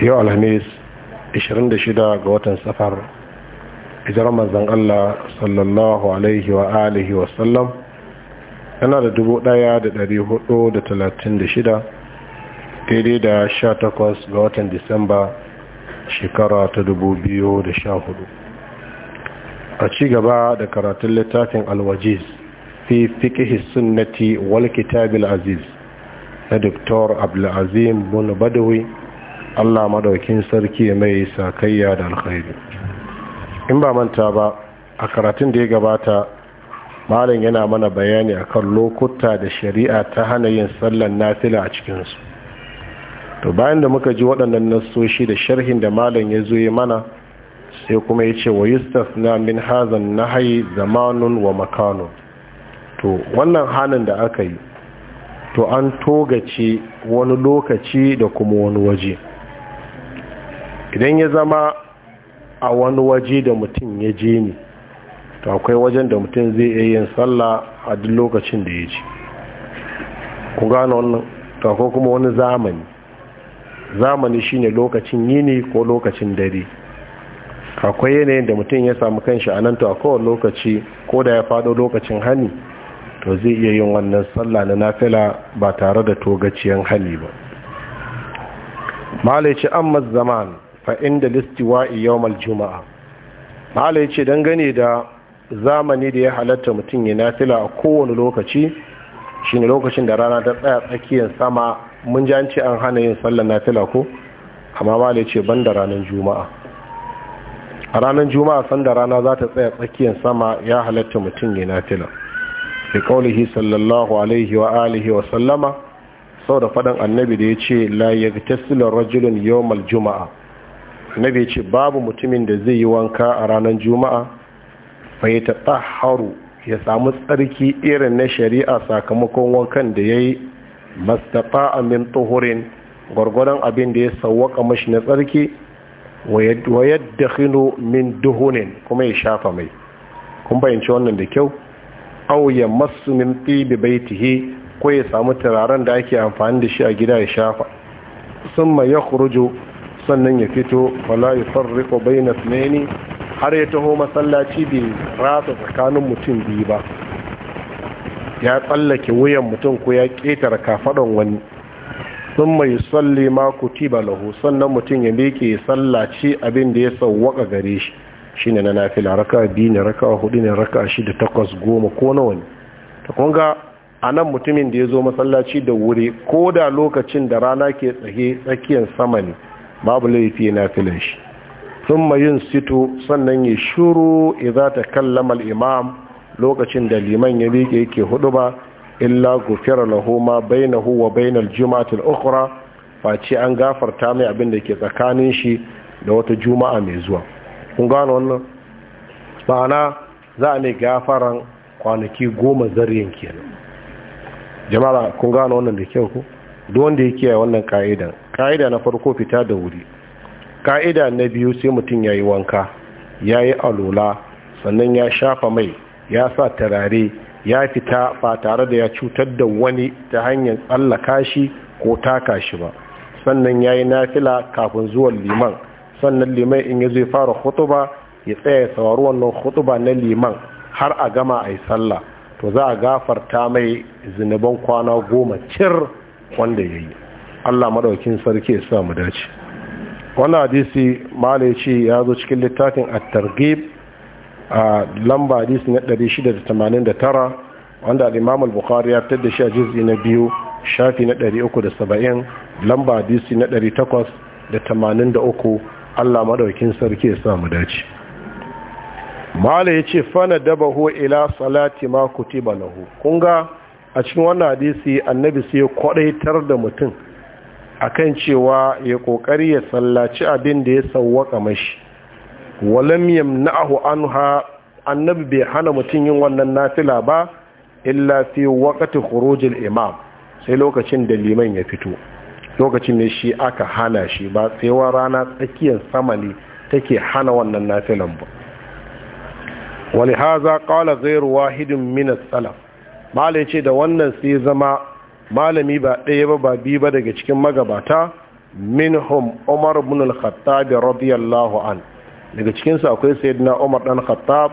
yau alhamis 26 ga watan safar hijirar mazan Allah sallallahu alaihi wa alihi wasallam yana da 1436 daidai da sha 18 ga watan disamba shekara ta da 2014 a cigaba da karatun littafin alwajiz fi fiƙe sunnati wal kitabil aziz na dr abdulazim bin badawi Allah madaukin sarki mai sakayya da alkhairi in ba manta ba a karatun da ya gabata malam yana mana bayani akan lokuta da shari'a ta hana yin sallan nafila a cikinsu to bayan da muka ji waɗannan nassoshi da sharhin da malam ya zo ya mana sai kuma ya ce wa yustasna min hazan nahyi zamanun wa makano, to wannan hanin da aka yi to an togace wani lokaci da kuma wani waje idan ya zama a wani waje da mutum ya je ne to akwai wajen da mutum zai iya yin sallah a duk lokacin da ya ce ku gano wannan to akwai kuma wani zamani zamani shine lokacin yini ko lokacin dare akwai yanayin da mutum ya samu kanshi a nan to a lokaci ko da ya fado lokacin hani to zai iya yin wannan sallah na nafila ba tare da togaciyan hani ba ce amma zaman fa inda listiwa'i yawmal juma'a mala yace dangane da zamani da ya halatta mutum ya nafila a kowane lokaci shi ne lokacin da rana ta tsaya tsakiyar sama mun ji an an hana yin sallar nafila ko amma ce yace da ranar juma'a a ranar juma'a sanda rana za ta tsaya tsakiyar sama ya halatta mutum ya nafila da kaulihi sallallahu alaihi wa alihi wa sallama sau da faɗin annabi da ya ce la tasirin rajulun yawmal juma'a annabi ce babu mutumin da zai yi wanka a ranar juma'a bai ta tsaharu ya samu tsarki irin na shari'a sakamakon wankan da ya yi a amin tuhurin gwargwadon abin da ya sauwaka mashi na tsarki wa yadda hino min duhunin kuma ya shafa mai kun bayanci wannan da kyau au ya masu min bai baitihi ko ya samu turaren da ake amfani da shi a gida ya shafa sun ma ya sannan ya fito wala ya farriko na tsanani har ya taho masallaci bai rasa tsakanin mutum biyu ba ya tsallake wuyan mutum ko ya ƙetare kafaɗan wani sun mai tsalle ma ba lahu sannan mutum ya miƙe sallaci abin da ya sauwaka gare shi shi ne na nafila raka biyu ne raka hudu ne raka da takwas goma ko na wani ta kunga a nan mutumin da ya zo masallaci da wuri ko da lokacin da rana ke tsaye tsakiyar sama ne babu laifi na filin shi sun yin sito sannan ya shuru za ta kallama imam lokacin da liman ya miƙe yake hudu ba illa gufira bai ma huwa wa na juma'atul okura face an gafarta mai abin da ke tsakanin shi da wata juma'a mai zuwa kun gano wannan ma'ana za a ne gafaran kwanaki goma zaryen kenan jama'a kun gano wannan da kyau ku duk wanda ya kiyaye wannan ka'idan ka'ida na farko fita da wuri ka'ida na biyu sai mutum ya yi wanka ya yi alola sannan ya shafa mai ya sa tarare ya fita ba tare da ya cutar da wani ta hanyar tsallaka shi ko taka shi ba sannan ya yi nafila kafin zuwan liman sannan liman in ya zai fara hutuba ya tsaya saurari wannan hutuba na liman har a gama a yi sallah to za a gafarta mai zinuban kwana goma cir wanda ya yi Allah madaukin sarki ya sa mu dace wannan hadisi malai ce ya zo cikin littafin at-targhib a lamba hadisi na 689 wanda al-Imam al-Bukhari ya fitar da shi a juz'i na biyu shafi na 370 lamba hadisi na 883 Allah madaukin sarki ya sa mu dace malai ya ce fana dabahu ila salati ma kutiba lahu kunga a cikin wannan hadisi annabi sai ya kwadaitar da mutum akan cewa ya kokari ya sallaci abin da ya sawwaka mashi walam yamna'ahu anha annabi bai hana mutum yin wannan nafila ba illa fi waqti khurujil imam sai lokacin da liman ya fito lokacin ne shi aka hana shi ba sai wa rana tsakiyar samali ne take hana wannan nafilan ba wali haza qala ghayr wahidin min as-salaf malai ce da wannan sai zama malami ba ɗaya ba ba biyu ba daga cikin magabata minhum umar ibn al-khattab radiyallahu an daga cikin su akwai sayyidina umar dan khattab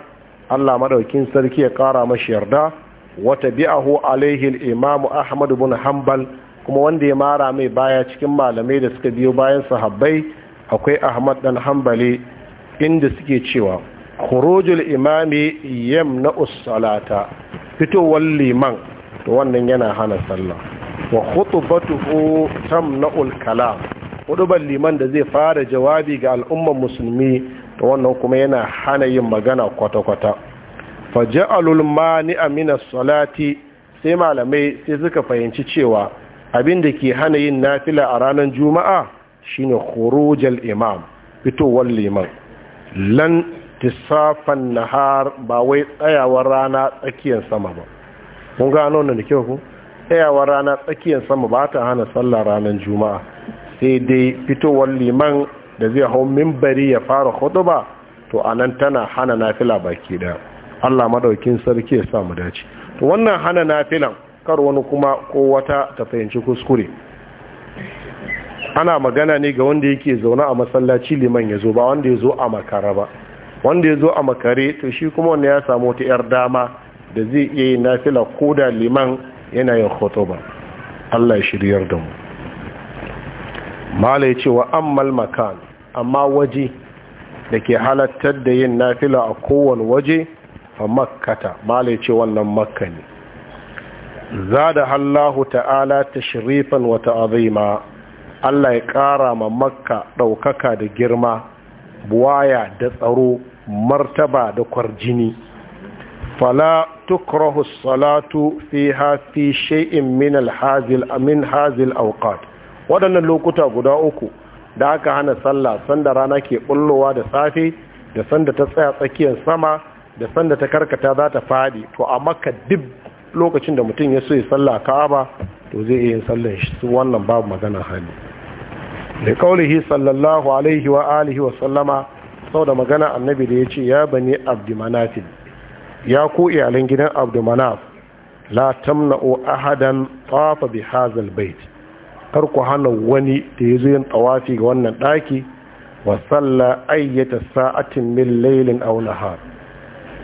Allah madaukin sarki ya kara mashi yarda wa tabi'ahu alaihi al-imam ahmad ibn hanbal kuma wanda ya mara mai baya cikin malamai da suka biyo bayan sahabbai akwai ahmad dan hanbali inda suke cewa khurujul imami yamna us-salata fitowar liman to wannan yana hana sallah wa khutbatuhu tamna'ul kalam huduban liman da zai fara jawabi ga al'ummar musulmi to wannan kuma yana hana yin magana kwata-kwata faja'alul mani'a min as-salati sai malamai sai suka fahimci cewa abin da ke hana yin nafila a ranar juma'a shine khurujal imam fitowar liman lan tisafan nahar ba wai tsayawar rana tsakiyar sama ba mun gano wannan da kyau ku tsayawa rana tsakiyar sama ba ta hana sallah ranar juma'a sai dai fitowar liman da zai hau mimbari ya fara hudu to anan tana hana nafila baki da Allah madaukin sarki ya sa mu dace to wannan hana nafilan kar wani kuma ko wata ta fahimci kuskure ana magana ne ga wanda yake zaune a masallaci liman ya zo ba wanda ya zo a makara ba wanda ya zo a makare to shi kuma wanda ya samu wata 'yar dama da zai iya yi nafila ko da liman yana yin khutuba Allah ya shiryar da mu mala ya ce wa ammal makan amma waje da ke halattar da yin nafila a kowane waje a makkata mala ya ce wannan makka ne da Allahu ta'ala ta shirifan wata azima Allah ya ƙara ma makka ɗaukaka da girma buwaya da tsaro martaba da kwarjini fala tukrahu salatu fiha fi shay'in min al-hazil min hazil waɗannan lokuta guda uku da aka hana sallah sanda rana ke bullowa da safe da sanda ta tsaya tsakiyar sama da sanda ta karkata za ta fadi to a makka duk lokacin da mutum ya so ya sallah ka'aba to zai iya yin sallar shi wannan babu magana hali da kaulihi sallallahu alaihi wa alihi wa sallama sau da magana annabi da ya ce ya bani abdi manafil ya ku iyalan gidan abdumanaf la tamna'u ahadan tafa bi hazal bait kar ku hana wani da yazo yin tawafi ga wannan daki wa salla ayyata sa'atin min laylin aw nahar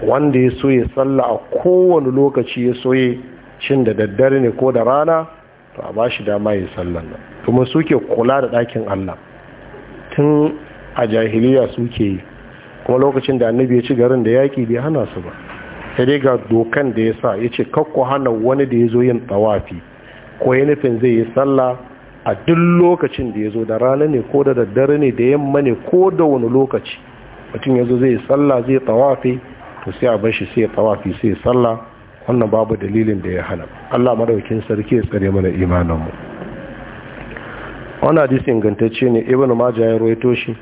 wanda ya so ya salla a kowane lokaci ya so ya cin da daddare ne ko da rana to a bashi dama ya sallan nan kuma suke kula da ɗakin Allah tun a jahiliya suke yi kuma lokacin da annabi ya ci garin da yaƙi bai hana su ba sai ga dokan da ya sa ya ce kakko hana wani da ya zo yin tsawafi ko ya nufin zai yi sallah a duk lokacin da ya zo da rana ne ko da daddare ne da yamma ne ko da wani lokaci mutum ya zo zai yi sallah zai tsawafi to sai a bashi shi sai ya tsawafi sai yi sallah wannan babu dalilin da ya hana Allah madaukin sarki ya tsare mana imaninmu wannan hadisi ingantacce ne ibnu majah ya rawaito shi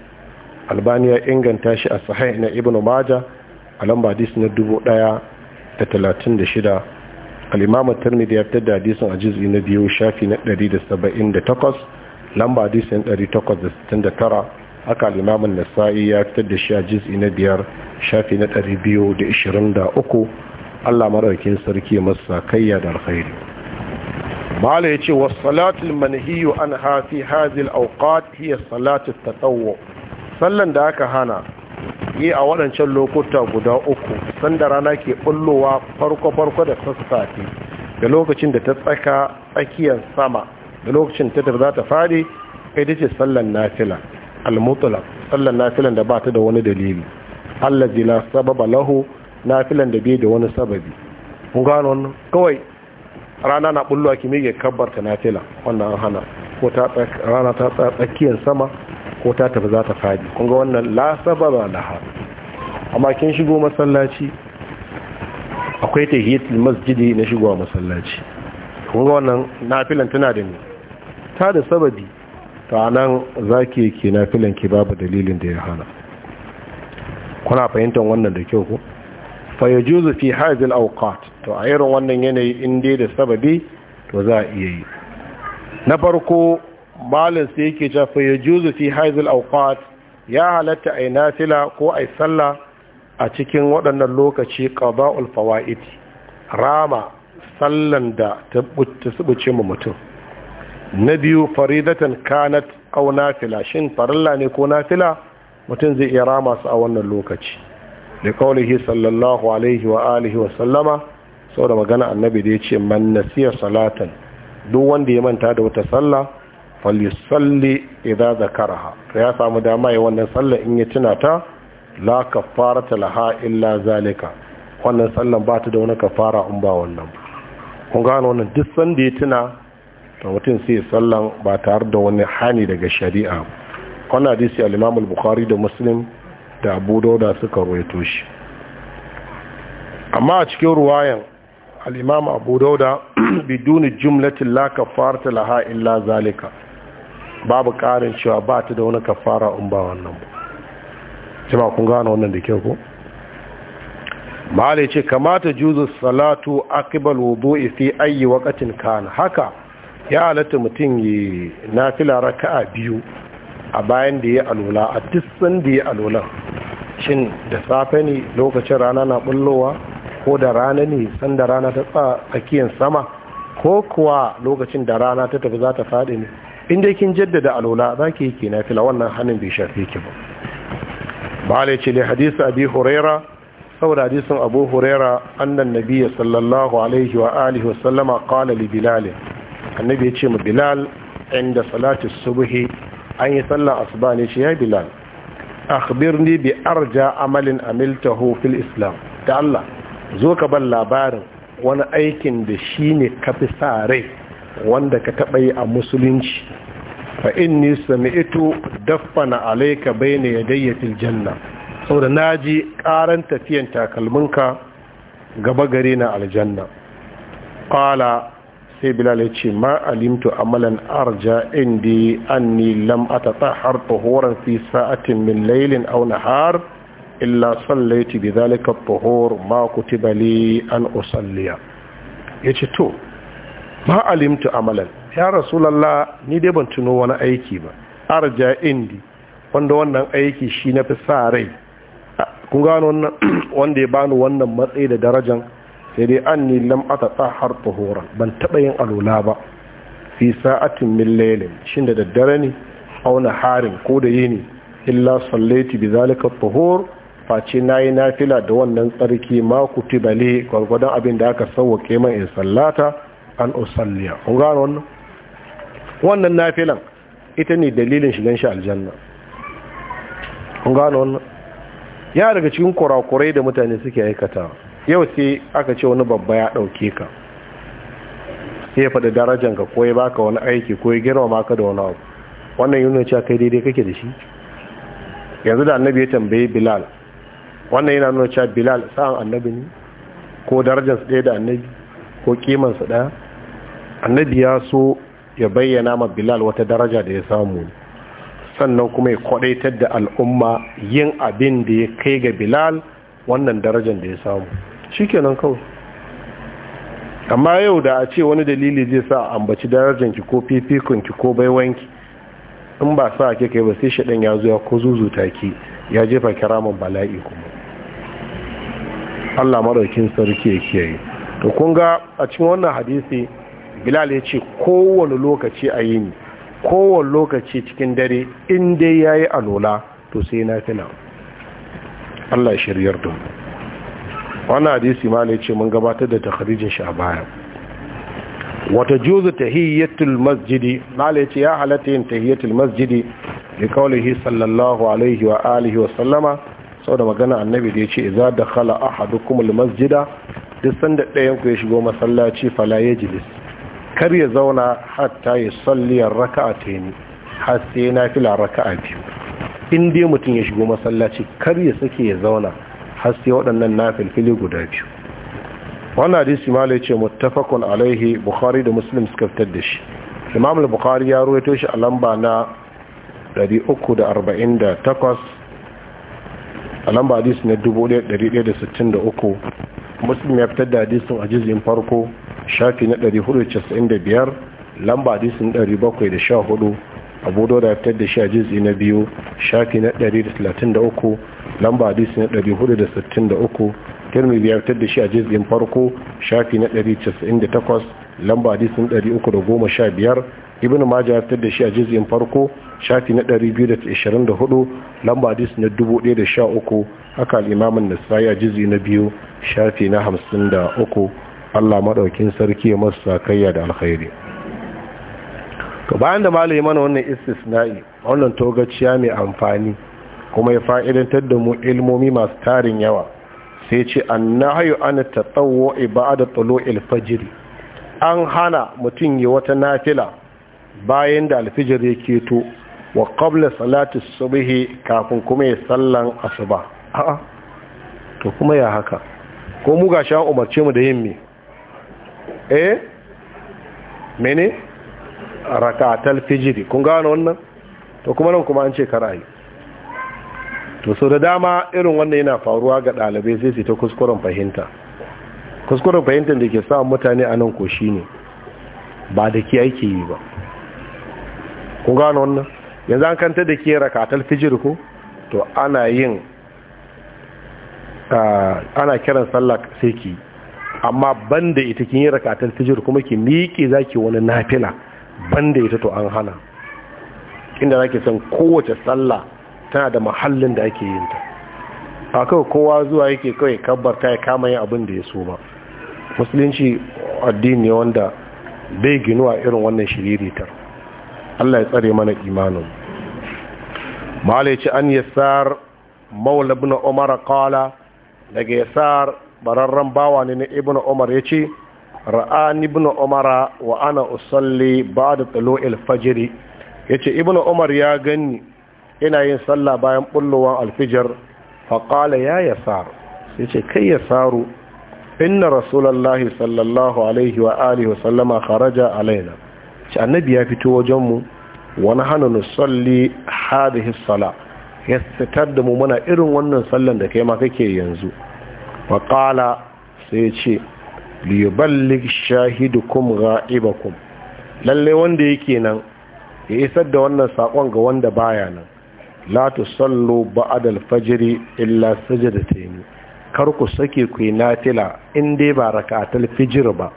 albani ya inganta shi a sahih na ibnu majah a lamba hadis na dubu da da shida imam at da ya fitar da hadisin a jizgi na biyu shafi na da da saba'in takwas lamba hadisin sittin haka tara imam an-nasa'i ya fitar da shi a jizgi na biyar shafi na biyu da da ishirin uku Allah maraukin sarki masa kayya da alkhairi mala yace wa salatul manhiyu an hafi hazil al-awqat hiya salatu tatawwu sallan da aka hana yi a waɗancan lokuta guda uku sanda rana ke ɓullowa farko-farko da sassafe da lokacin da ta tsaka tsakiyar sama da lokacin ta zata za ta faɗi ita ce sallan nafila almutula sallan nafilan da ba ta da wani dalili allah la sababa lahu nafilan da bai da wani sababi mun gano kawai rana na ɓullowa ki mege kabbarta nafila wannan hana ko ta rana ta tsakiyar sama ko ta tafi za ta fadi kunga ga wannan ba na laha amma kin shigo masallaci akwai tahiyatul masjidi na shigowa masallaci kunga wannan nafilan tana da ni ta da sababi ta nan zaki ke nafilan ki babu dalilin da ya hana kuna fahimtar wannan da kyau ko fa yajuzu fi hadhihi al-awqat to a irin wannan yanayi in dai da sababi to za a iya yi na farko malin sai yake cewa ya juzu fi haizul awqat ya halatta ay nafila ko ay sallah a cikin waɗannan lokaci qada'ul fawaid rama sallan da ta tsubuce mu mutum na biyu faridatan kanat aw nafila shin farilla ne ko nafila mutum zai iya rama su a wannan lokaci da kaulihi sallallahu alaihi wa alihi wa sallama sau da magana annabi da ya ce man nasiya salatan duk wanda ya manta da wata sallah falisalli idza zakaraha ya samu dama ya wannan sallar in ya tuna ta la kafarata laha illa zalika wannan sallan ba ta da wani kafara in ba wannan kun gano wannan duk sanda ya tuna to mutum sai ya sallan ba tare da wani hani daga shari'a wannan hadisi al-Imam al-Bukhari da Muslim da Abu Dawud suka rawaito shi amma a cikin ruwayan al-Imam Abu Dawud biduni jumlatin la kafarata laha illa zalika babu ƙarin cewa ba ta da wani kafara in ba wannan ba jima kun gano wannan da kyau ko mahalai ce kamata juzu salatu akibal wudu'i fi ayi wakacin kana haka ya halatta mutum yi na raka a biyu a bayan da ya alola, a tisan da ya alola shin da safe ne lokacin rana na bullowa ko da rana ne sanda rana ta tsakiyar sama ko kuwa lokacin da rana ta tafi za ta faɗi ne inda kin jaddada alula za ki yi kina fila wannan hannun bai shafe ki ba bala ce le hadisi abi huraira saboda hadisin abu huraira annan ya sallallahu alaihi wa alihi wa sallama kala li bilal annabi ya ce mu bilal inda salati subuhi an yi sallar asuba ne shi ya bilal akhbirni bi arja amalin amiltahu fil islam da Allah zo ka ban labarin wani aikin da shi ne kafi sa rai wanda ka taɓa yi a musulunci fa inni ito daffana alayka bayna yadayya sau janna saboda naji ƙaran tafiyan takalminka gaba gare na aljanna qala sai bilal ya ce ma alimtu amalan arja indi anni lam har tuhuran fi sa'atin min lailin auna har illa sallaitu bi zalika at ma kutiba an usalliya ce to ma alimtu amalan ya rasulallah ni dai ban tuno wani aiki ba arja indi wanda wannan aiki shi na fi sa rai kun gano wannan wanda ya bani wannan matsayi da darajan sai dai an ni lam har tuhuran ban taɓa yin alola ba fi sa'atin min lailin shin da daddare ne auna harin ko da yini illa sallati bi zalika tuhur face nayi nafila da wannan tsarki ma kutibale gwargwadon abin da aka sauwake man in sallata an usalliya kun gano wannan wannan nafilan ita ne dalilin shigan shi aljanna kun gano wannan ya daga cikin kurakurai da mutane suke aikata yau sai aka ce wani babba ya ɗauke ka sai ya faɗi darajanka ko ya baka wani aiki ko ya girmama ka da wani abu wannan yana cewa kai daidai kake da shi yanzu da annabi ya tambayi bilal wannan yana nuna cewa bilal sa'an annabi ne ko darajarsa ɗaya da annabi ko kimansa ɗaya annabi ya so ya bayyana ma bilal wata daraja da ya samu sannan kuma ya kwadaitar da al'umma yin abin da ya kai ga bilal wannan darajar da ya samu shikenan kawai amma yau da a ce wani dalili zai sa ambaci darajar ki ko fifikon ki ko baiwanki in ba sa ake kai ba sai shaɗan ya zuwa ko zuzuta ki ya jefa kiramin bala'i kuma Allah maɗaukin sarki ya kiyaye to kun ga a cikin wannan hadisi bilal ya ce kowane lokaci a yini kowane lokaci cikin dare in dai ya yi alola to sai na fila allah shiryar don wani hadisi ma ne ce mun gabatar da takarijin shi a baya wata juzu hiyyatul masjidi mala ce ya halatta yin ta hiyyatul masjidi da kawalihi sallallahu alaihi wa alihi wa sallama sau da magana annabi da ya ce za da khala kuma masjida duk sanda ɗayan ku ya shigo masallaci fala jilis kar ya zauna hatta ya salliyar raka'a ta yi har sai na fila raka'a biyu in dai mutum ya shigo masallaci kar ya sake ya zauna har sai waɗannan na filfili guda biyu wannan hadisi ma ce mutafakun alaihi bukhari da muslim suka fitar da shi imam bukhari ya ruwaito shi a lamba na 348 a lamba hadisi na 1163 muslim ya fitar da hadisin a jizin farko shafi na 495 lamba disin 714 abu da fitar da shi a jizi na biyu shafi na 133 lamba hadisi na 463 tirmidhi ya fitar da shi a jizgin farko shafi na 198 lamba hadisin 315 ibn majah ya fitar da shi a jizgin farko shafi na 224 lamba hadis na 1013 haka al-imam an-nasai a jizi na biyu shafi na 53 Allah maɗaukin sarki ya masu sakayya da alkhairi to bayan da malami mana wannan istisna'i wannan togaciya mai amfani kuma ya fa'idantar da mu ilmomi masu tarin yawa sai ce annahyu an tatawwu ibada tulu'il fajr an hana mutum yi wata nafila bayan da alfijir ya keto wa qabla salati subhi kafin kuma ya sallan asuba a'a to kuma ya haka ko mu gashi an umarce mu da yin me eh mene rakatal fijiri kun gano wannan to kuma nan kuma an ce karayi to so da dama irin wannan yana faruwa ga ɗalibai sai su ta kuskuren fahimta kuskuren fahimta da ke sa mutane a nan ko shi ne ba da ke aiki yi ba kun gano wannan yanzu an kanta da ke rakatal fijiri ko to ana yin ah, ana kiran sallah sai ki amma banda ita kin yi rakatan fijir kuma ki miƙe zaki wani nafila banda ita to an hana inda zaki san kowace sallah tana da mahallin da ake yin ta a kawai kowa zuwa yake kawai kabbarta ya kama yin abin da ya so ba musulunci addini ne wanda bai ginuwa irin wannan shiriritar Allah ya tsare mana imanin malaici an yasar maula ibn umar qala daga yasar bararren bawa ne na ibn umar ya ce ra'an ibn umara wa ana usalli ba da tsalo alfajiri ya ce ibn umar ya gani ina yin sallah bayan bullowan alfijar faƙala ya ya saru ya ce kai ya saru inna rasulallah sallallahu alaihi wa alihi wasallama kharaja alaina ce annabi ya fito wajenmu wani hana nusalli hadihis sala ya fitar da mu muna irin wannan sallan da kai ma kake yanzu faƙala sai ce liyuballik shahidukum kum lalle wanda yake nan ya isar da wannan saƙon ga wanda baya nan la tusallu ba'dal fajiri illa sajdatayn kar ku sake ku yi nafila in dai ba rak'atul fijr ba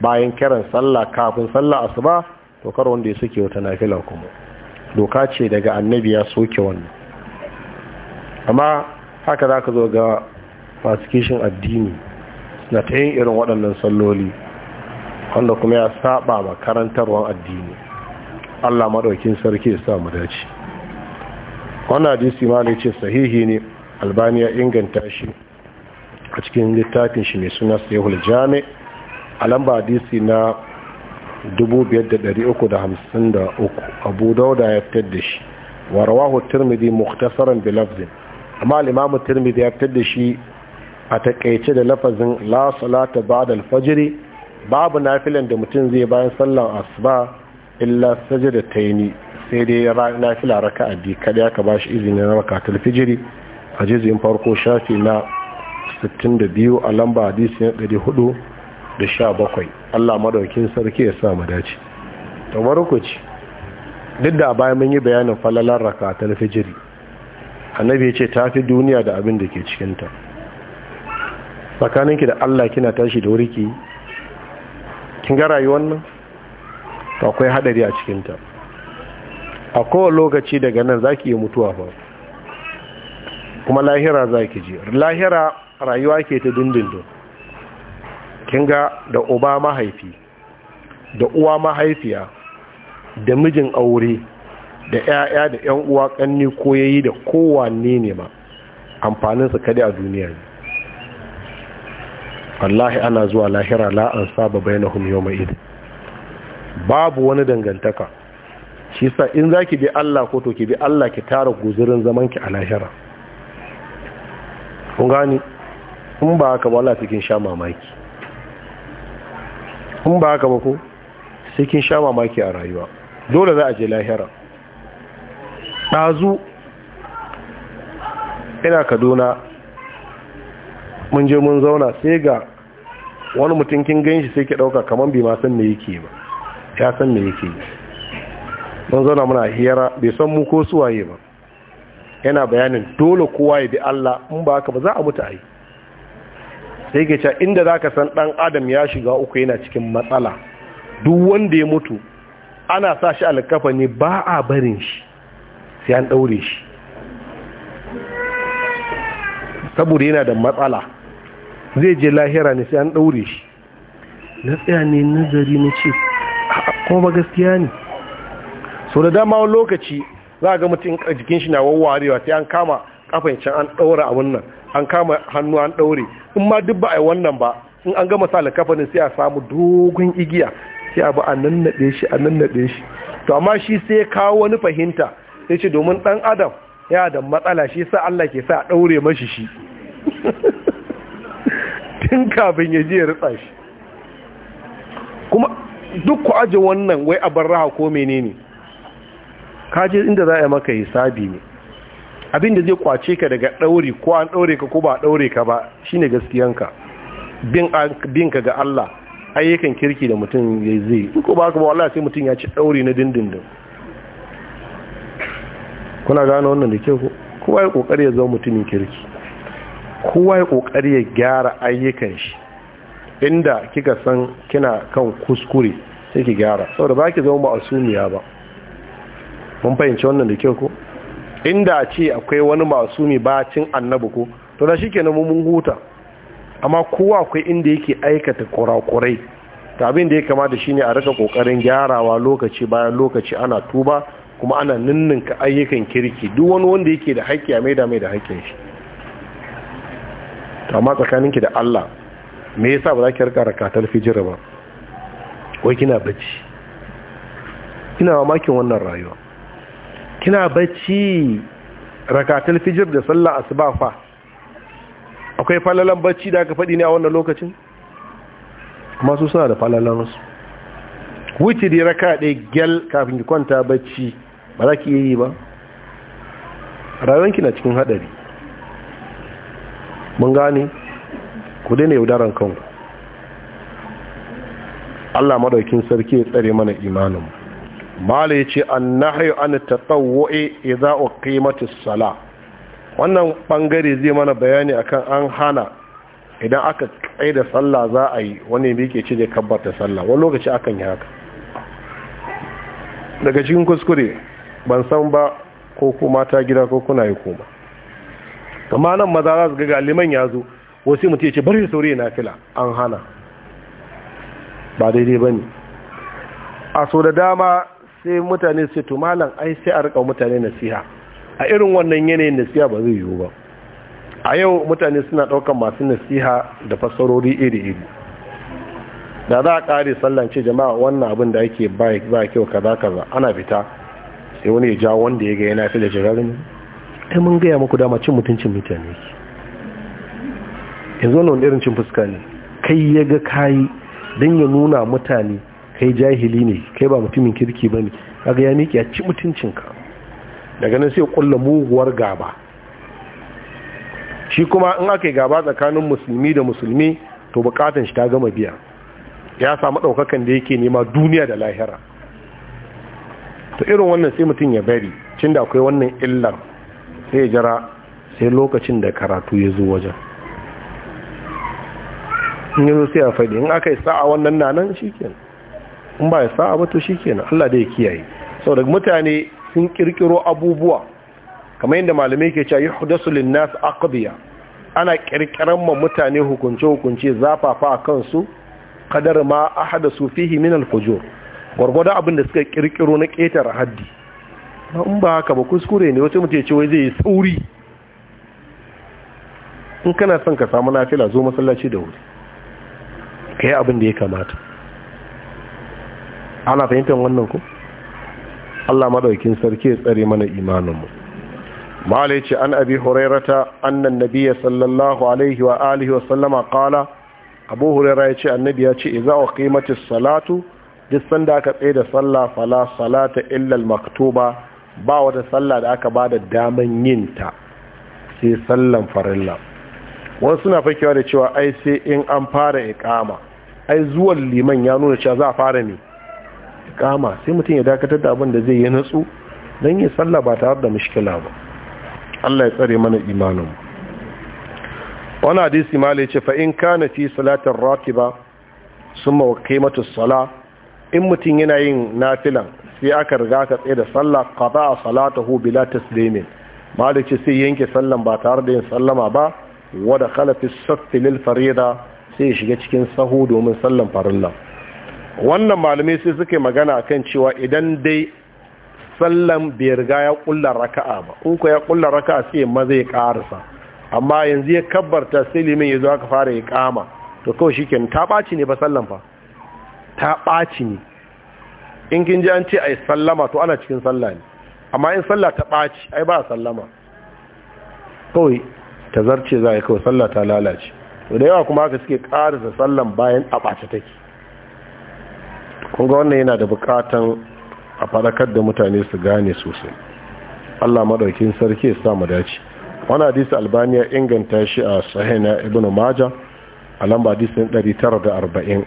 bayan kiran sallah kafin sallah asuba to kar wanda ya sake wata nafila kuma doka ce daga annabi ya soke wannan amma haka zaka zo ga Fasikishin addini na ta yin irin waɗannan salloli wanda kuma ya saba makarantarwar karantarwar addini Allah maɗaukin sarki ya sa mu dace Wani hadisi ma ne ce sahihi ne albani ya inganta shi a cikin littafin shi mai suna sahihul jami a lamba hadisi na 5353 abu dauda ya fitar da shi wa rawahu tirmidhi mukhtasaran amma al ya fitar da shi a takaice da lafazin la salata ba'da al babu nafilan da mutum zai bayan sallan asuba illa sajda tayni sai dai nafila raka'a bi kada ka bashi izinin raka'atul fijiri a jizin farko shafi na 62 a lamba hadisi na 417 Allah madaukin sarki ya sa mu dace tabarkuci duk da bayan mun yi bayanin falalar raka'atul fijiri annabi ya ce tafi duniya da abin da ke cikinta tsakaninki da Allah kina tashi da wuri ki kin ga rayuwar nan to akwai hadari a cikin ta a kowane lokaci daga nan zaki yi mutuwa fa kuma lahira zaki ji lahira rayuwa ke ta dindindin kin ga da uba mahaifi da uwa mahaifiya da mijin aure da 'ya'ya da 'yan uwa kanni koyayi da kowanne ne ma amfaninsa kada a duniya ne wallahi ana zuwa lahira la an saba bainahum yawma id babu wani dangantaka shi sa in zaki bi Allah ko to ki bi Allah ki tara guzurin zaman ki a lahira kun gani in ba haka ba Allah cikin sha mamaki in ba haka ba ko cikin sha mamaki a rayuwa dole za a je lahira ɗazu ina kaduna mun je mun zauna sai ga wani mutum kin gan shi sai ki ɗauka kamar bai ma san me yake ba ya san me yake mun zauna muna hira bai san mu ko su waye ba yana bayanin dole kowa ya bi Allah in ba haka ba za a mutu ai sai ke cewa inda zaka san dan adam ya shiga uku yana cikin matsala duk wanda ya mutu ana sa shi alkafa ne ba a barin shi sai an daure shi saboda yana da matsala zai je lahira ne sai an ɗaure shi na tsaya ne nazari na ce kuma gaskiya ne so da dama wani lokaci za a ga mutum a jikin shi na wawarewa sai an kama kafin an ɗaura a wannan an kama hannu an ɗaure in ma duk ba a yi wannan ba in an gama sa kafanin sai a samu dogon igiya sai a ba a nannaɗe shi a nannaɗe shi to amma shi sai ya kawo wani fahimta sai ce domin ɗan adam ya da matsala shi sa Allah ke sa a ɗaure mashi shi tun kafin ya je ya ritsa shi kuma duk ku aji wannan wai a barraha ko menene kaji inda za a yi maka hisabi ne abinda zai kwace ka daga ɗauri ko an ɗaure ka ko ba ɗaure ka ba shine gaskiyanka bin ka ga Allah ayyukan kirki da mutum ya zai ko ba ka ba wallahi sai mutum ya ci ɗauri na dindindin kuna gano wannan da kyau kowa ya kokari ya zama mutumin kirki kowa ya kokari ya gyara ayyukan shi inda kika san kina kan kuskure sai ki gyara saboda ba ki zama ba asumiya ba mun fahimci wannan da kyau ko inda a ce akwai wani masumi cin annabi ko to da shikenan mun huta amma kowa akwai inda yake aikata kurakurai ta abin da ya kamata shine a rika kokarin gyarawa lokaci bayan lokaci ana tuba kuma ana ninninka ayyukan kirki duk wani wanda yake da haƙƙi a maida mai da haƙƙin shi amma tsakaninki da Allah me yasa ba za ki rika rakatar fijira ba wai kina bacci kina mamakin wannan rayuwa kina bacci rakatar fijir da sallah asuba fa akwai falalan bacci da aka faɗi ne a wannan lokacin amma su suna da falalan su wuce da raka ɗaya gyal kafin ki kwanta bacci ba za ki yi ba rayuwanki na cikin haɗari mun gane ku daina yaudaran kanku Allah madaukin sarki ya tsare mana imanin mala ya annahyu an za kai mata sala wannan bangare zai mana bayani akan an hana idan aka kai da sallah za a yi wani ne ke ce da sallah wani lokaci akan yi haka daga cikin kuskure ban san ba ko kuma ta gida ko kuna yi koma kama nan maza za su ga galiman ya zo wasu mutu ya ce bari saurayi na fila an hana ba daidai ba ne a so da dama sai mutane sai tumalan ai sai a rika mutane nasiha a irin wannan yanayin nasiha ba zai yiwu ba a yau mutane suna ɗaukar masu nasiha da fassarori iri-iri da za a ƙare sallance jama'a wannan abin da ake ba kyau kaza kaza ana fita sai wani ya ja wanda ya ga yana fi da jiragen ai mun gaya maku dama cin mutuncin mutane yanzu wannan irin cin fuska ne kai ya ga kayi don ya nuna mutane kai jahili ne kai ba mutumin kirki ba ne kaga ya miƙe ya ci mutuncinka daga nan sai kulla muguwar gaba shi kuma in aka yi gaba tsakanin musulmi da musulmi to bukatan shi ta gama biya ya samu ɗaukakan da yake nema duniya da lahira to irin wannan sai mutum ya bari cin akwai wannan illar sai jira sai lokacin da karatu ya zo wajen in yi sai a faɗi in aka yi sa'a wannan na nan shi kenan in ba ya sa'a ba to shi kenan Allah da ya kiyaye sau daga mutane sun kirkiro abubuwa kamar yadda malamai ke cewa yuhdasu linnas akabiya ana kirkiran ma mutane hukunce hukunce zafafa a kansu kadar ma ahadasu fihi min al-fujur abin da suka kirkiro na ketar haddi in ba haka ba kuskure ne wata mutu ya ce wai zai yi sauri in kana son ka samu nafila zo masallaci da wuri ka yi abin da ya kamata ana fahimtar wannan ku Allah madaukin sarki ya tsare mana imaninmu mala ce an abi hurairata annan nabiya sallallahu alaihi wa alihi wa sallama kala abu huraira ya ce annabi ya ce wa uqimatis salatu duk sanda aka tsaye da sallah fala salata illal maktuba ba wata sallah da aka ba da daman yin ta sai sallan farilla wasu suna fakewa da cewa ai sai in an fara ikama ai zuwan liman ya nuna cewa za a fara ne ikama sai mutum ya dakatar da abin da zai yi nutsu, don yi sallah ba tare da mushkila ba Allah ya tsare mana imanin wani hadisi ma ce fa in kana fi salatin rakiba kai mata sala in mutum yana yin nafilan sai aka riga ka tsaye da sallah qada salatahu bila taslimin malik sai yanke sallan ba tare da yin sallama ba wa da khala fi lil farida sai shiga cikin sahu domin sallan farilla wannan malamai sai suke magana akan cewa idan dai sallan bai riga ya kulla raka'a ba in ko ya kulla raka'a sai maza ya karasa amma yanzu ya kabbarta silimin ya zo aka fara ya kama to kawai shikenan ta ɓaci ne ba sallan fa ta ɓaci ne in kin ji an ce ai sallama to ana cikin sallah ne amma in sallah ta ɓaci ai ba sallama kawai ta zarce za a yi kawai sallah ta lalace to da yawa kuma haka suke karisa sallan bayan a ɓace take ga wannan yana da buƙatan a faɗakar da mutane su gane sosai allah maɗaukin sarki ya samu dace wani hadisi albaniya inganta shi a sahina ibn maja a lamba hadisin 940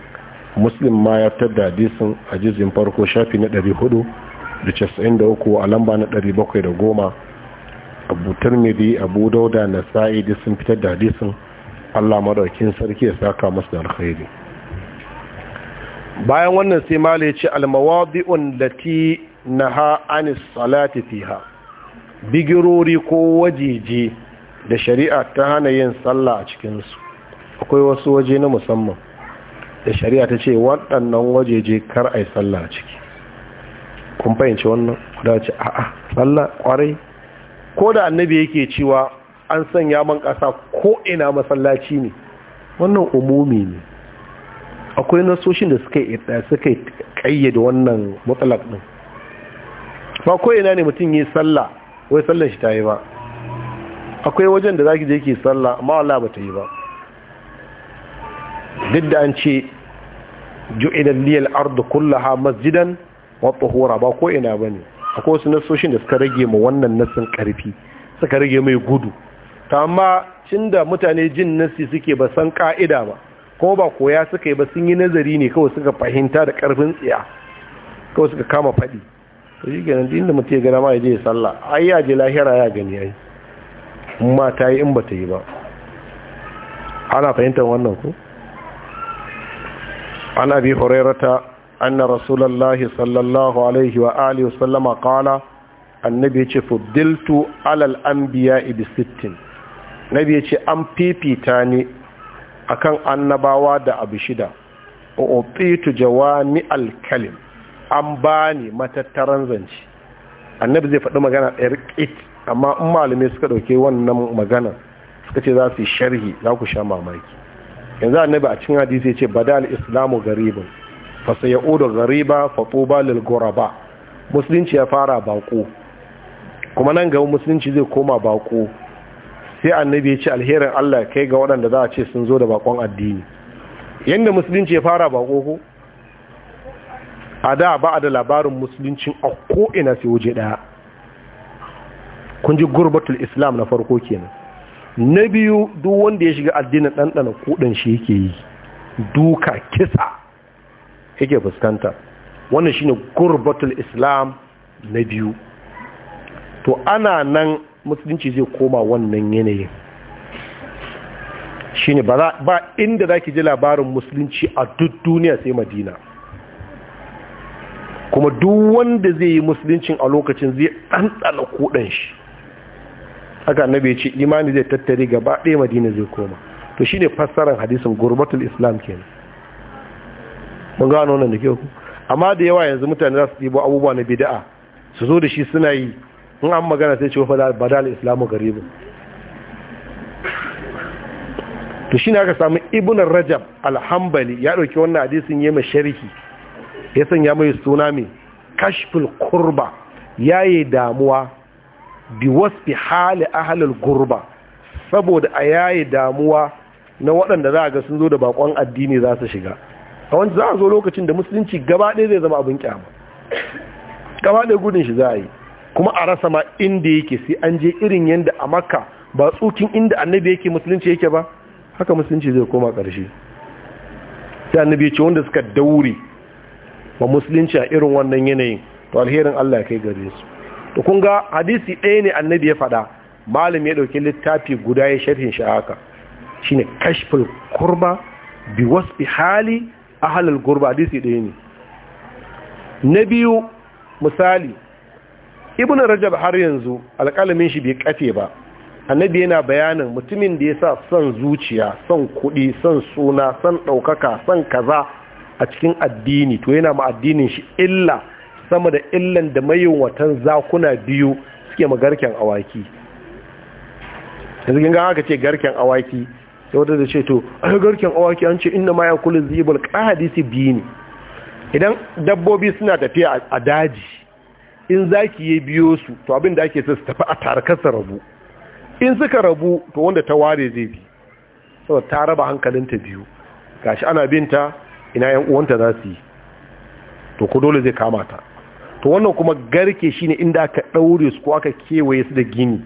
muslim ma ya fitar da hadisin a jizin farko shafi na 493 a lamba na 710 abu tarmidi abu dauda na sa'idi sun fitar da hadisin allah maraukin sarki ya saka masu da alkhairi bayan wannan sai mala ya ce almawadi'un lati ha anis salati fiha bigirori ko wajeje da shari'a ta hana yin sallah a cikinsu akwai wasu waje na musamman da shari'a ta ce waɗannan wajeje kar a yi sallah a ciki kun fahimci wannan da ce a sallah kwarai ko da annabi yake cewa an sanya man ƙasa ko ina masallaci ne wannan umumi ne akwai nasoshin da suka yi kayyade wannan matsalar ɗin ba ko ina ne mutum yi sallah wai sallar shi ta yi ba akwai wajen da zaki je ki sallah amma ba ta yi ba duk da an ce ju'idan liyal ardu kullaha masjidan wa tahura ba ko ina bane akwai wasu nasoshin da suka rage ma wannan nasin karfi suka rage mai gudu ta amma da mutane jin nasi suke ba san ka'ida ba ko ba koya suka yi ba sun yi nazari ne kawai suka fahimta da karfin tsiya kawai suka kama faɗi to shi kenan inda mutum ya gana ma ya je sallah ai ya je lahira ya gani ai ma ta yi in ba ta yi ba ana fahimtar wannan ku عن أبي هريرة أن رسول الله صلى الله عليه وآله وسلم قال النبي فضلت على الأنبياء بست نبي أم بيبي تاني أكن النباوة دا أبي شدا وأعطيت جوامع الكلم an bani matattaran zance annabi zai faɗi magana ɗaya rikit amma in malamai suka ɗauki wannan magana suka ce za su yi sharhi za ku sha mamaki yanzu annabi a cikin hadisi yace badal islamu garibun fa sayaudu gariba fa tuba lil ghuraba musulunci ya fara bako kuma nan gaba musulunci zai koma baƙo sai annabi ya ce alherin Allah kai ga waɗanda za a ce sun zo da bakon addini yadda musulunci ya fara bako ko a da ba a da labarin musulunci a ina sai waje ɗaya kun ji gurbatul islam na farko kenan na biyu duk wanda ya shiga addinin ɗanɗana kuɗin shi yake yi duka kisa yake fuskanta wannan shine gurbatul islam na biyu to ana nan musulunci zai koma wannan yanayin shine ba inda zaki ji labarin musulunci a duk duniya sai madina kuma duk wanda zai yi musuluncin a lokacin zai ɗanɗana kuɗin shi haka annabi ya ce imani zai tattare gaba ɗaya madina zai koma to shine fassarar hadisun gurbatul islam kenan mun gano nan da kyau amma da yawa yanzu mutane za su ɗibo abubuwa na bida'a su zo da shi suna yi in an magana sai ce wa fada badal islamu garibu to shine aka samu ibn rajab alhambali ya ɗauki wannan hadisin yema sharhi ya sanya mai suna mai kashful kurba yayi damuwa bi wasfi hali halin gurba saboda a yayi damuwa na waɗanda za a ga sun zo da bakon addini za su shiga a wancan za a zo lokacin da musulunci gabaɗe zai zama abin kyama gabaɗe gudun shi za a yi kuma a rasa ma inda yake sai an je irin yadda a maka ba tsukin inda annabi yake musulunci yake ba haka musulunci zai koma ƙarshe sai annabi ya ce wanda suka daure ba musulunci a irin wannan yanayin to alherin Allah ya kai gare su to kun ga hadisi ɗaya ne annabi ya faɗa malam ya ɗauki littafi guda ya sharhin shi haka shine kashful kurba bi wasfi hali ahlal gurba hadisi ɗaya ne na biyu misali ibn rajab har yanzu alƙalamin shi bai kafe ba annabi yana bayanin mutumin da ya sa son zuciya son kuɗi son suna son ɗaukaka son kaza a cikin addini to yana ma addinin shi illa sama da illan da mayunwatan zakuna biyu suke ma garken awaki yanzu kin ce garken awaki sai wata da ce to a garken awaki an ce inda ma yakulu zibul biyu ne. idan dabbobi suna tafiya a daji in zaki ya biyo su to abin da ake so su tafi a kasa rabu in suka rabu to wanda ta ware zai bi saboda ta raba hankalinta biyu gashi ana binta ina yan uwanta za su yi to ku dole zai kama ta to wannan kuma garke shi ne inda aka ɗaure su ko aka kewaye su da gini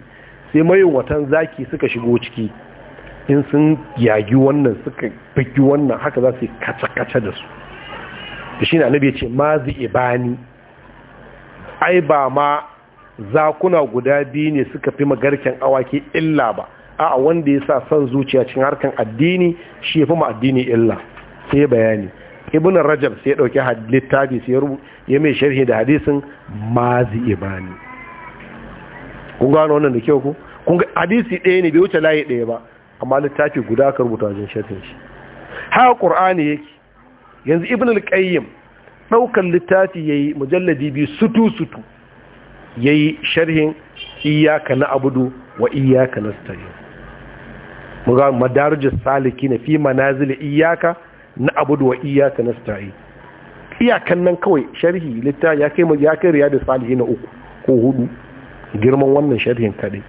sai mayin watan zaki suka shigo ciki in sun yagi wannan suka bigi wannan haka za su yi kace-kace da su da shi ne annabi ya ce ma zai ibani ai ba ma zakuna guda biyu ne suka fi magarken awaki illa ba a wanda ya sa son zuciya cin harkan addini shi ya fi ma addini illa sai bayani ibn rajab sai ya dauki littafi sai ya mai sharhi da hadisin mazi ibani kun gano wannan da kyau ku kun ga hadisi ɗaya ne bai wuce layi ɗaya ba amma littafi guda ka rubuta wajen sharhin shi ha qur'ani yake yanzu ibn al-qayyim daukan littafi yayi mujalladi bi sutu sutu yayi sharhin iyyaka na'budu wa iyyaka nasta'in muga madarijus salikin fi manazil iyyaka na abudu wa na nasta'in iyakan nan kawai sharhi litta ya kai ya kai riyadu salihin na uku ko hudu girman wannan sharhin kadai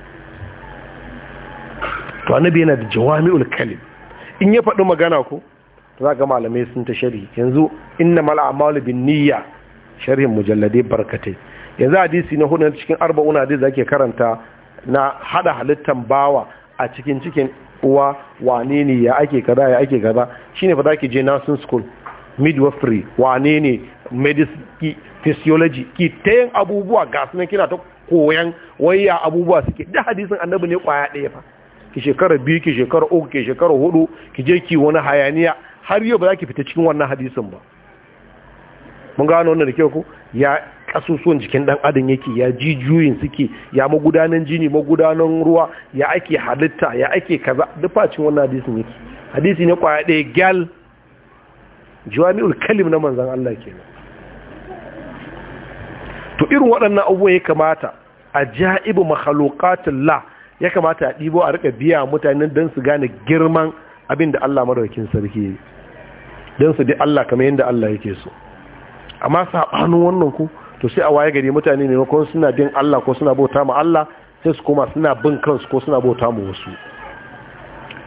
to annabi yana da jawami'ul kalim in ya faɗi magana ko za ga malamai sun ta sharhi yanzu inna mal a'malu bin niyya sharhin mujalladai barkatai yanzu hadisi na hudu cikin arba'una da zake karanta na hada halittan bawa a cikin cikin uwa wane ne ya ake kaza ya ake kaza shine fa zaki je nursing school midwifery wane ne medicine physiology ki ta yin abubuwa ga sunan kina ta koyan waya abubuwa suke da hadisin annabi ne kwaya daya fa ki shekara biyu ki shekara uku ki shekara hudu ki je ki wani hayaniya har yau ba za ki fita cikin wannan hadisin ba mun gano wannan da kyau ku ya kasusuwan jikin dan adam yake ya ji juyin suke ya magudanan jini magudanan ruwa ya ake halitta ya ake kaza dufacin wannan hadisin yake hadisi ne kwaya ɗaya gal jami'ul kalim na manzan Allah kenan to irin waɗannan abubuwa ya kamata a ja'ibu la ya kamata a ɗibo a riƙa biya mutanen don su gane girman abin da Allah madaukakin sarki don su bi Allah kamar yadda Allah yake so amma saɓanin wannan ku to sai a waye gari mutane maimakon suna bin Allah ko suna bauta ma Allah sai su koma suna bin kansu ko suna bauta ma wasu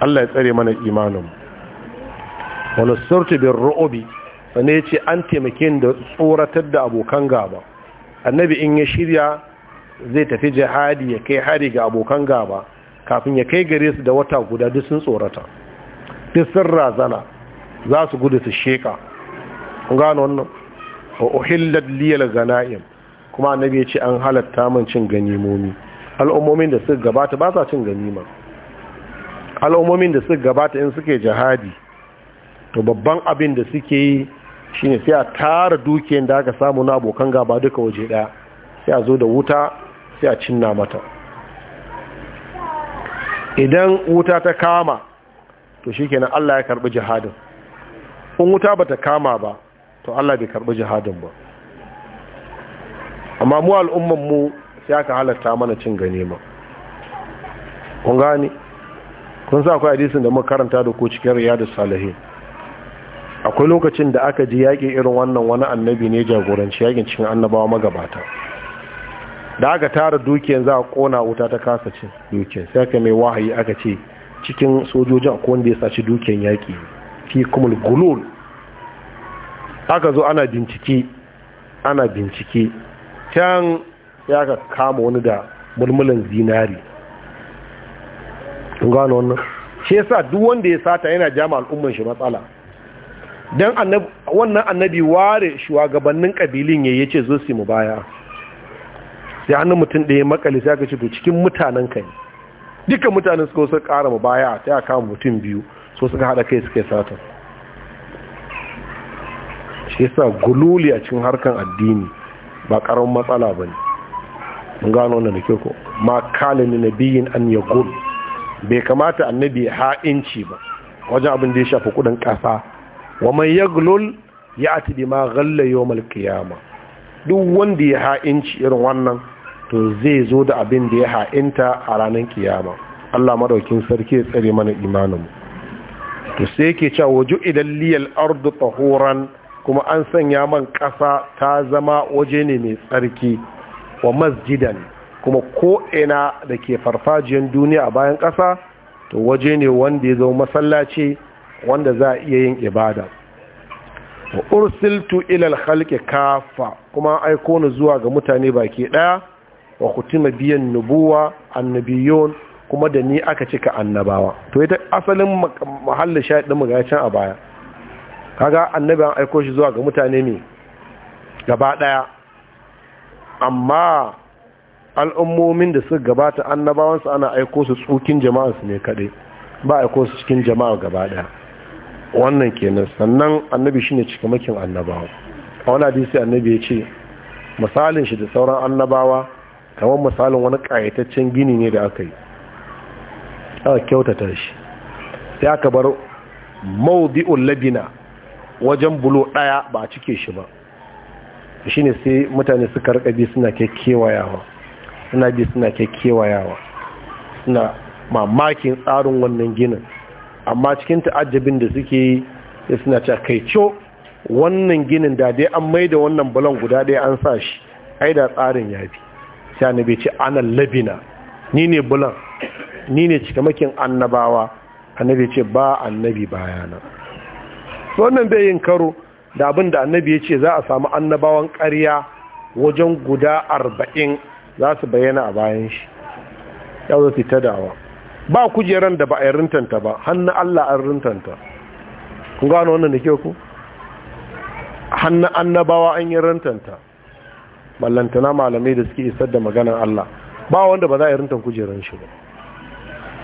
Allah ya tsare mana imanin wani surtu bin ru'ubi sannan yace an taimake da tsoratar da abokan gaba annabi in ya shirya zai tafi jihadi ya kai hari ga abokan gaba kafin ya kai gare su da wata guda duk sun tsorata duk sun razana za su gudu su sheka gano wannan wa uhillat liyal ganaim kuma annabi ya ce an halatta min cin ganimomi al'ummomin da suka gabata ba sa cin ganima al'ummomin da suka gabata in suke jihadi to babban abin da suke yi shine sai a tara dukiyar da aka samu na abokan gaba duka waje daya sai a zo da wuta sai a cinna mata idan wuta ta kama to shikenan Allah ya karbi jihadin in wuta bata kama ba to Allah bai karɓi jihadin ba amma mu al'umman mu sai aka halatta mana cin ganima kun gani kun sa akwai hadisin da muka karanta da ko cikin riyadus salihin akwai lokacin da aka ji yaƙi irin wannan wani annabi ne jagoranci yaƙin cikin annabawa magabata da aka tara dukiyan za a ƙona wuta ta kasa cin dukiyar sai aka mai wahayi aka ce cikin sojojin akwai wanda ya saci dukiyar yaƙi fi kumul gulul aka zo ana bincike ana bincike can ya ka kama wani da mulmulan zinari gano wannan shi yasa duk wanda ya sata yana jama al'umman shi matsala dan wannan annabi ware shugabannin kabilin ya yace zo su mu baya sai hannun mutum ɗaya makale sai aka ce to cikin mutanen kai dukkan mutanen suka wasu kara mu baya sai aka kama mutum biyu so suka haɗa kai suka yi satan shi yasa gululi a cikin harkar addini ba karon matsala ba ne mun gano wannan da ke ko ma kala ni nabiyin an ya gul bai kamata annabi ya ha'inci ba wajen abin da ya shafi kudin kasa wa man gulul ya ati ma ghalla yawmal qiyama duk wanda ya ha'inci irin wannan to zai zo da abin da ya ha'inta a ranar kiyama Allah madaukin sarki ya tsare mana imanin mu to sai yake cewa waju idan liyal ardu tahuran kuma an sanya man ƙasa ta zama waje ne mai tsarki wa masjidan kuma ko'ina da ke farfajiyar duniya a bayan ƙasa to waje ne wanda ya zama masallaci wanda za a iya yin ibada wa ursiltu ilal halke kafa kuma aiko ni zuwa ga mutane baki ɗaya wa kutuma biyan nubuwa annabiyon kuma da ni aka cika annabawa to ita asalin mahallin ga can a baya kaga annabi an aiko shi zuwa ga mutane ne gaba daya amma al'ummomin da suka gabata annabawansu ana aiko su tsukin jama'arsu ne kaɗai ba aiko su cikin jama'a gaba daya wannan kenan sannan annabi shine cikamakin annabawa a wani hadisi annabi ya ce misalin shi da sauran annabawa kamar misalin wani ƙayataccen gini ne da aka yi aka kyautata shi sai aka bar maudi'ul labina wajen bulo ɗaya ba a cike shi ba shi ne sai mutane suka rika bi suna kekewayawa suna bi suna kekewayawa suna mamakin tsarin wannan ginin amma cikin ta'ajabin da suke yi sai suna co. wannan ginin da dai an mai da wannan balon guda ɗaya an sa shi ai da tsarin ya fi sai annabi ce ana labina ni ne bulan ni ne cikamakin annabawa annabi ce ba annabi bayana wannan bai yin karo da abin da annabi ya ce za a samu annabawan ƙarya wajen guda arba'in za su bayyana a bayan shi ya zo fita dawa ba kujeran da ba a yi rintanta ba hannun allah an rintanta kun gano wannan da ke ku hannun annabawa an yi rintanta ballantana malamai da suke isar da maganar allah ba wanda ba za a yi rintan kujeran shi ba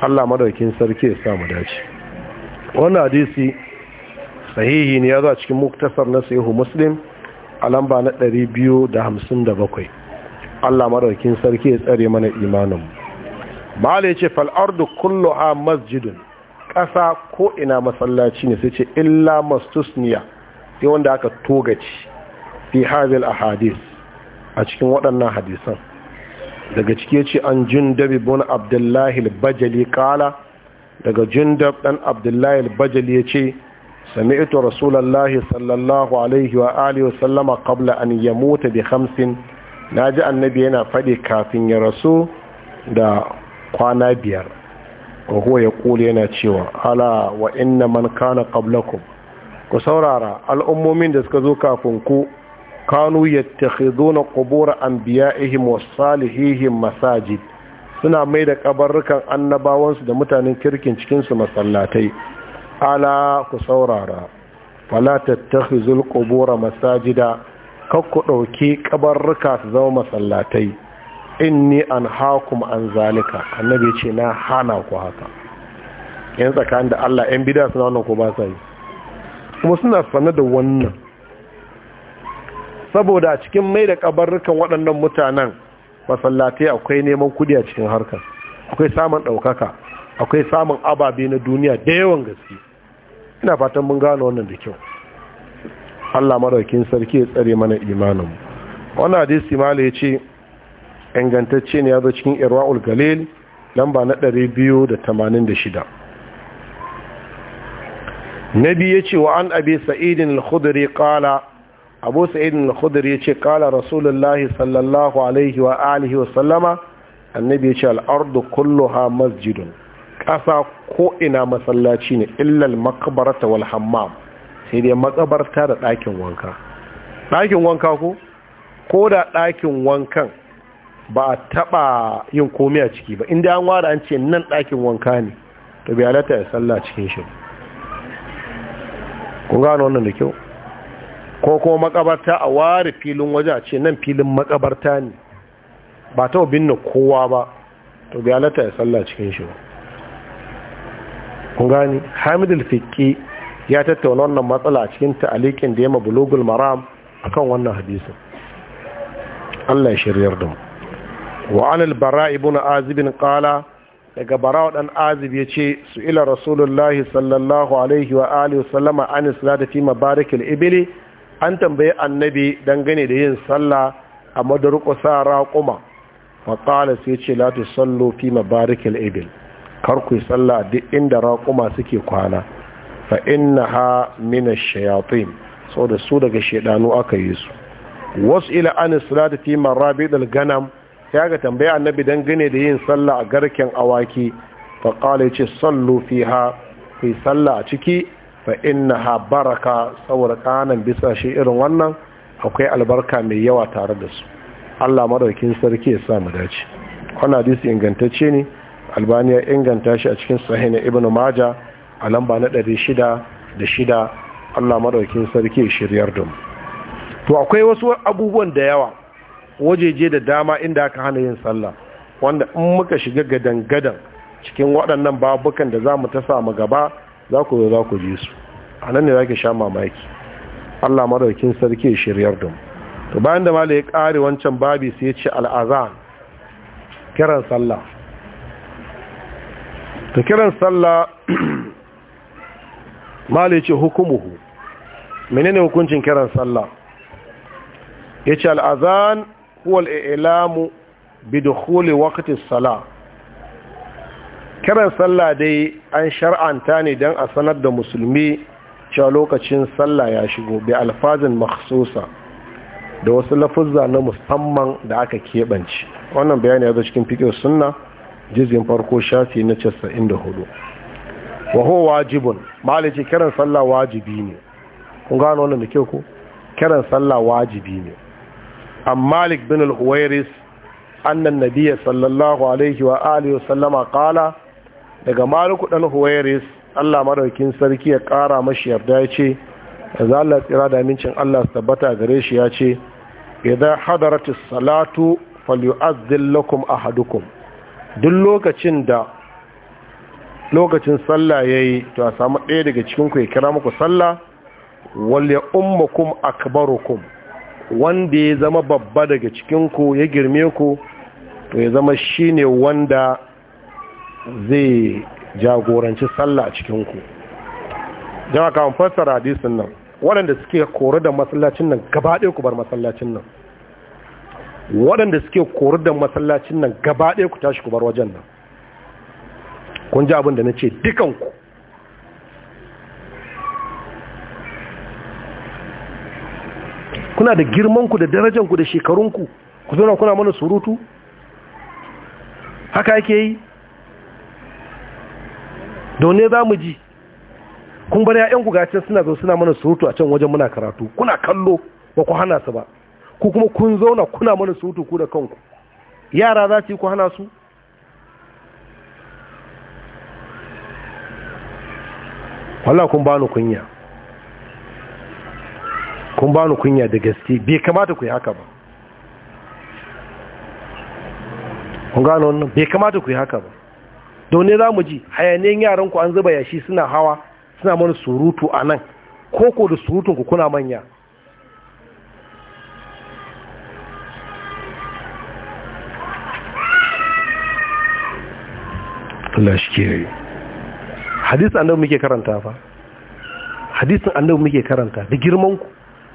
allah madaukin sarki ya samu dace wannan hadisi sahihi ne ya zo a cikin muktasar na sahihu muslim a lamba na 257 Allah madaukin sarki ya tsare mana imanin malai ce fal kullu a masjidun ƙasa ko ina masallaci ne sai ce illa mastusniya sai wanda aka togaci fi a ahadis a cikin waɗannan hadisan daga ciki ce an jin dabi ibn abdullahi bajali kala, daga jin jundab ɗan abdullahi bajali ya ce. سمعت رسول الله صلى الله عليه وآله وسلم قبل أن يموت بخمس ناجع النبي هنا فدي كافين يا رسول دا قانا بير وهو يقول هنا تشيوى ألا وإن من كان قبلكم كسورارا الأمومين دسكزو كافنكو كانوا يتخذون قبور أنبيائهم وصالحيهم مساجد suna mai da kabarrukan annabawansu da mutanen kirkin cikinsu masallatai ala ku saurara wala tattakhizul qubura masajida kakku ɗauki kabarruka su zama masallatai inni an hakum an zalika annabi ce na hana ku haka yan tsakanin da Allah yan bida suna wannan ko ba sa yi kuma suna sanar da wannan saboda cikin mai da kabarrukan waɗannan mutanen masallatai akwai neman kudi a cikin harkar akwai samun ɗaukaka akwai samun ababe na duniya da yawan gaske ina fatan mun gano wannan da kyau Allah madaukin sarki ya tsare mana imanin wannan hadisi ya yace ingantacce ne zo cikin irwaul galil lamba na 286 nabi yace wa an abi sa'id al-khudri qala abu sa'id al-khudri yace qala rasulullahi sallallahu alaihi wa alihi wa sallama annabi yace al-ardu kulluha masjidun ƙasa ko ina masallaci ne illal makabarta wal hammam sai dai makabarta da ɗakin wanka ɗakin wanka ko ko da ɗakin wankan ba a taɓa yin komai a ciki ba inda an wada an ce nan ɗakin wanka ne to bi halatta ya salla cikin shi kun gano wannan da kyau ko kuma makabarta a ware filin waje a ce nan filin makabarta ne ba ta binne kowa ba to bi halatta ya salla cikin shi ba kun gani hamid al ya tattauna wannan matsala a cikin ta'alikin da ya ma bulugul maram akan wannan hadisin Allah ya shiryar da mu wa anil bara ibn azib qala daga bara ɗan azib yace su ila rasulullah sallallahu alaihi wa alihi wasallama an salata fi mabarik al-ibli an tambaye annabi dangane da yin sallah a madarqu raƙuma fa qala sai yace la tusallu fi mabarik al kar ku yi tsalla duk inda raƙuma suke kwana fa ha mina shayatun sau da su daga shaidanu aka yi su wasu ila an salati fi marabid al-ganam ya ga tambaya annabi dangane da yin sallah a garken awaki fa qala yace sallu fiha ku yi sallah a ciki fa ha baraka saboda kanan bisa shi irin wannan akwai albarka mai yawa tare da su Allah maɗaukin sarki ya sa mu dace wannan hadisi ingantacce ne albani ya inganta shi a cikin sahih na ibn maja a lamba na ɗari shida da shida allah madaukin sarki shiryar da mu to akwai wasu abubuwan da yawa wajeje da dama inda aka hana yin sallah wanda in muka shiga gadan-gadan cikin waɗannan babukan da zamu mu ta samu gaba za ku zo za ku ji su a nan ne za sha mamaki allah madaukin sarki shiryar da mu to bayan da malai ya kare wancan babi sai ya ce al'azan kiran sallah ta kiran sallah malice hukumuhu menene hukuncin kiran sallah yace al-azan huwa al-i'lamu bi dukhuli waqti as Sala. kiran sallah dai an shar'anta ne dan a sanar da musulmi cewa lokacin sallah ya shigo bi alfazin makhsusa da wasu lafuzza na musamman da aka keɓance wannan bayani ya zo cikin fikir sunna jizgin farko shafi na 94 wa waho wajibun malice kiran sallah wajibi ne kun gano wannan da ke ku kiran sallah wajibi ne an malik bin al-huwairis annan nabiyya sallallahu alaihi wa alihi sallama kala daga maliku dan huwairis allah madaukin sarki ya kara mashi yarda ya ce da Allah tsira da amincin Allah su tabbata gare shi ya ce idan hadaratis salatu falyu'adhdhil lakum ahadukum duk lokacin da lokacin sallah yayi to a samu ɗaya daga cikin ku ya kira muku sallah wal ya ummakum akbarukum wanda ya zama babba daga cikin ku ya girme ku to ya zama shine wanda zai jagoranci sallah a cikin ku jama'a kan fassara hadisin nan waɗanda suke kore da masallacin nan gaba ɗaya ku bar masallacin nan waɗanda suke korar da masallacin nan gaba ɗaya ku tashi ku bar wajen nan kun ji abin da na ce dukanku kuna da girmanku da darajanku da shekarunku ku zo kuna mana surutu haka yake yi ne za mu ji kun bar 'ya'yanku gacin suna zo suna mana surutu a can wajen muna karatu kuna kallo ba ku hana su ba ku kuma kun zauna kuna mana surutu ku da kanku yara za su yi ku hana su wallah kun bani kunya kun bani kunya da gaske bai kamata ku yi haka ba kun gano wannan bai kamata ku yi haka ba don ne za mu ji hayaniyan yaranku an zuba yashi suna hawa suna mana surutu a nan koko da surutun ku kuna manya Allah shi ke annabi muke karanta fa hadisin annabi muke karanta da girman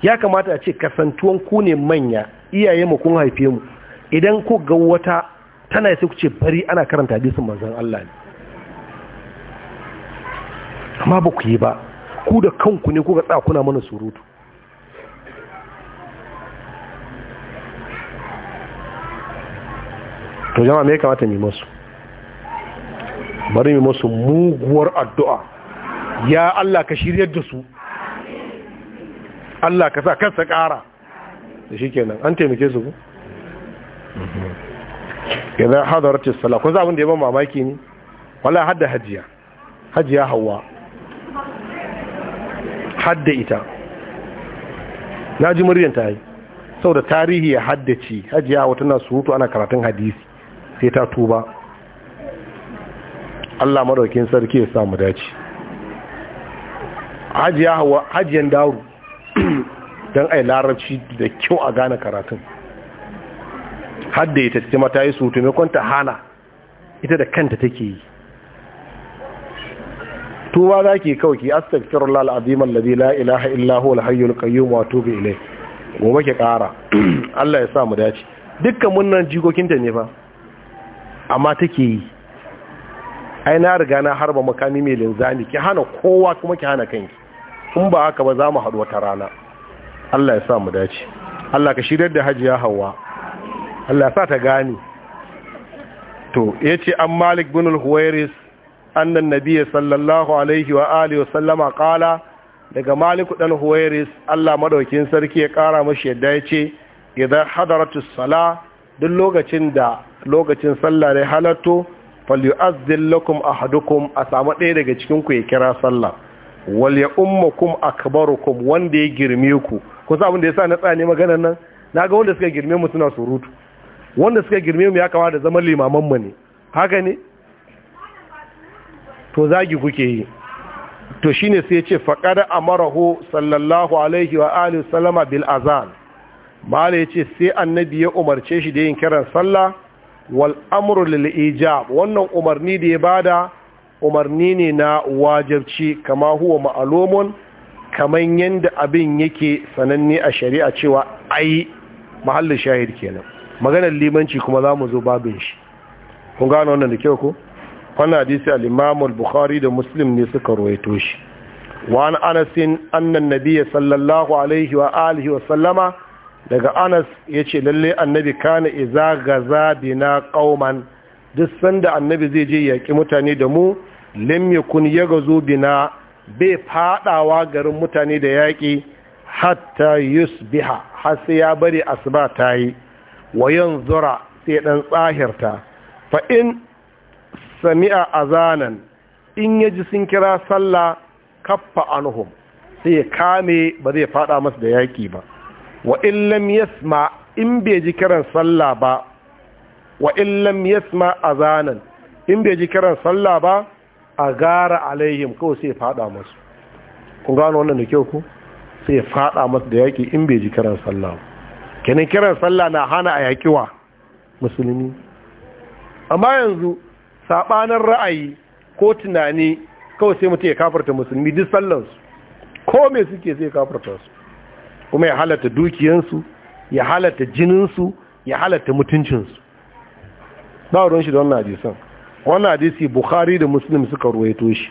ya kamata a ce kasantuwan ku ne manya iyaye mu kun haife mu idan ku ga wata tana sai ku ce bari ana karanta hadisin manzon Allah ne amma ba ku yi ba ku da kanku ne ku ga kuna mana surutu to jama'a me ya kamata mu masu bari mu musu muguwar addu'a ya Allah ka shiryar da su Allah ka sa kansa ƙara da shi kenan an taimake su ku idan hadarci sala kun zaɓin da ya ban mamaki ne wala hadda hajiya hajiya hawa hadda ita na ji muryan ta yi Sau da tarihi ya haddace hajiya wata na surutu ana karatun hadisi sai ta tuba Allah madaukin sarki ya samu dace hajiya hawa hajiyan daru dan ai larabci da kyau a gane karatun hadda ita ce mata yi sutu me kwanta hana ita da kanta take yi tuba za ki kawai ki astaghfirullah alazim alladhi la ilaha illa alhayyul qayyum wa atubu ilayh gobe ke kara Allah ya sa mu dace dukkan munnan jikokinta ne fa amma take yi ai na riga na harba makami mai linzami ki hana kowa kuma ki hana kanki in ba haka ba za mu haɗu wata rana Allah ya sa mu dace Allah ka shirar da hajiya hawa Allah ya sa ta gane to yace an Malik bin al-Huwairis annan nabiyyi sallallahu alaihi wa alihi wa sallama kala daga Malik dan Huwairis Allah madaukin sarki ya kara mashi yadda yace idan hadaratus sala duk lokacin da lokacin sallah ne halatto falyu'azzil lakum ahadukum a samu ɗaya daga cikinku ya kira sallah wal ya umma ummakum akbarukum wanda ya girme ku kun san abin da yasa na tsane maganar nan na ga wanda suka girme mu suna surutu wanda suka girme mu ya kama da zaman limaman mu ne haka ne to zagi kuke yi to shine sai ya ce faqad amarahu sallallahu alaihi wa alihi sallama bil azan mala ce sai annabi ya umarce shi da yin kiran sallah wal amru lil ijab wannan umarni da ya bada umarni ne na wajibci kama huwa ma'lumun kaman yanda abin yake sananne a shari'a cewa ai mahallin shahid kenan maganar limanci kuma za mu zo babin shi kun gano wannan da kyau ko wannan hadisi al-imam bukhari da muslim ne suka ruwaito shi wa an anasin annan sallallahu alaihi wa alihi wa sallama daga anas ya ce lalle annabi kana iza gaza bina ƙauman duk sanda annabi zai je yaƙi mutane da mu lam zo bi bina bai fadawa garin mutane da yaƙi hatta yusbiha har sai ya bari asuba ta yi wa zura sai dan tsahirta fa in sami'a azanan in ya ji sun kira sallah kaffa anhum sai kame ba zai fada masa da yaƙi ba wa illam yasma in bai ji kiran sallah ba wa illam yasma azanan in bai ji kiran sallah ba a gara alaihim ko sai fada musu. kun gano wannan da kyau ku sai fada musu da yaki in bai ji kiran sallah kenan kiran sallah na hana a yakiwa musulmi amma yanzu sabanin ra'ayi ko tunani kawai sai mutum ya kafarta musulmi duk sallansu ko me suke sai kafarta su kuma ya halatta dukiyansu ya halatta jininsu ya halatta mutuncinsu ba ruwan shi da wannan hadisan wannan hadisi bukhari da muslim suka ruwaito shi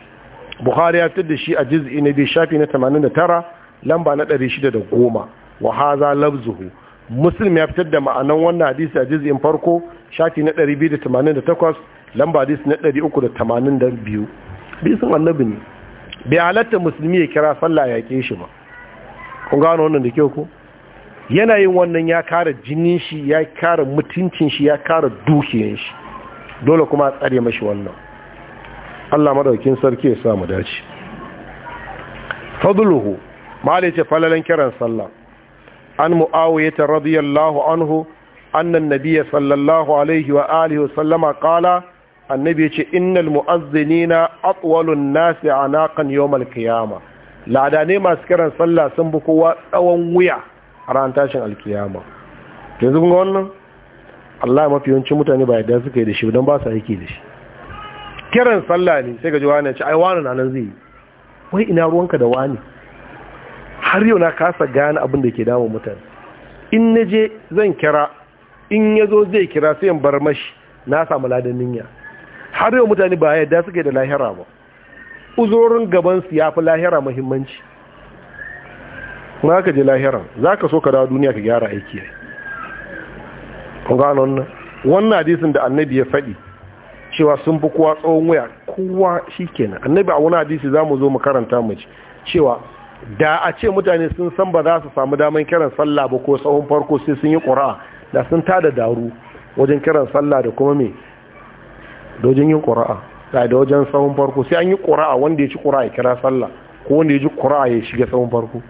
bukhari ya fitar da shi a jiz'i na biyu shafi na 89 lamba na 610 wa haza lafzuhu muslim ya fitar da ma'anan wannan hadisi a juz'in farko shafi na 288 lamba hadisi na 382 bisin annabi ne bai halatta musulmi ya kira sallah ya ke shi ba kun gano wannan da kyau ko yanayin wannan ya kara jinin shi ya kara mutuncin shi ya kara dukiyan shi dole kuma a tsare mashi wannan Allah madaukin sarki ya sa mu dace fadluhu mala ce falalan kiran sallah an ta radiyallahu anhu annan an sallallahu alaihi wa alihi sallama qala annabi yace innal mu'azzinina atwalun nasi anaqan naƙan qiyamah ne masu kiran sallah sun bi kowa tsawon wuya a ran tashin alkiyama yanzu kun ga wannan Allah mafi yawancin mutane ba yadda suka yi da shi don ba su aiki da shi kiran sallah ne sai ga ji wani ci ai wani na nan zai yi wai ina ruwanka da wani har yau na kasa gane abin da ke damun mutane in na je zan kira in ya zo zai kira sai in bar mashi na samu ladan ninya har yau mutane ba yadda yi da lahira ba uzurorin gabansu ya fi lahira muhimmanci ka je lahira za ka so ka dawo duniya ka gyara aiki ne wannan hadisin da annabi ya faɗi cewa sun fi kowa tsawon waya kowa shi kenan annabi a wani hadisi za mu zo mu karanta mu cewa da a ce mutane sun san ba za su samu daman kiran sallah ba ko tsawon farko sai sun yi ƙura'a da sun tada daru wajen kiran sallah da kuma dojin yin ƙura'a ga da wajen sahun farko sai an yi ƙura'a wanda ya ci ƙura'a ya kira sallah ko wanda ya ji ƙura'a ya shiga sahun farko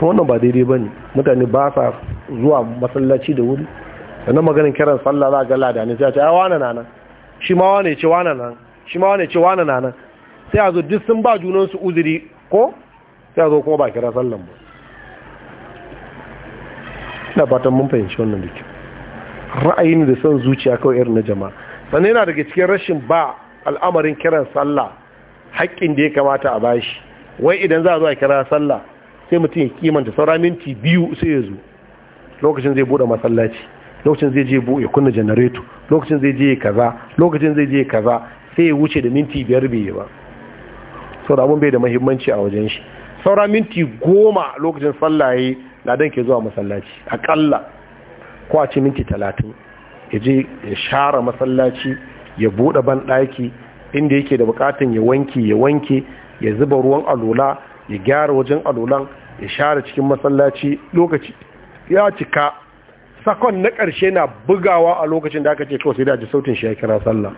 wannan ba daidai ba ne mutane ba sa zuwa masallaci da wuri sannan maganin kiran sallah za a gala da ne sai a ce wane na nan shi ma wane ce wane nan shi ma wane ce wane na nan sai a zo duk sun ba junansu uzuri ko sai a zo kuma ba kira sallan ba ina fatan mun fahimci wannan da kyau ra'ayin da son zuciya kawai irin na jama'a sannan yana daga cikin rashin ba al'amarin kiran sallah haƙƙin da ya kamata a bashi wai idan za a zo a kira sallah sai mutum ya kimanta saura minti biyu sai ya zo lokacin zai bude masallaci lokacin zai je ya kunna janareto lokacin zai je kaza lokacin zai je kaza sai ya wuce da minti biyar bai ba saura abun bai da mahimmanci a wajen shi saura minti goma lokacin sallaye don ke zuwa masallaci aƙalla ko a ce minti talatin ya je ya share masallaci ya buɗe banɗaki inda yake da bukatan ya wanke ya wanke ya zuba ruwan alola ya gyara wajen alolan ya share cikin masallaci lokaci ya cika sakon na ƙarshe na bugawa a lokacin da aka ce kawai sai da ji sautin shi ya kira sallah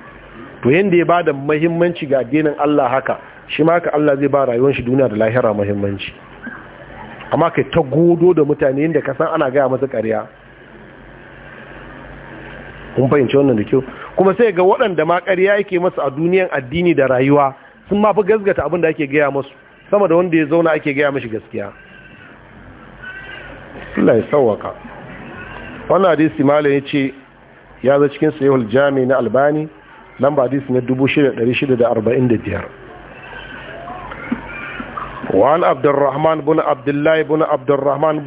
to yanda ya bada muhimmanci ga addinin Allah haka shi ma ka Allah zai ba rayuwar shi duniya da lahira muhimmanci amma kai ta godo da mutane inda ka san ana gaya masa ƙarya kun fahimci wannan da kyau kuma sai ga waɗanda ma ƙarya yake masu a duniyan addini da rayuwa sun ma fi gasgata abin da ake gaya masu sama da wanda ya zauna ake gaya mashi gaskiya Allah ya sauwaka wani hadisi malam ya ce ya zai cikin sahihul jami na albani lamba hadisi na 6645 wa عبد bin بن عبد الله بن عبد الرحمن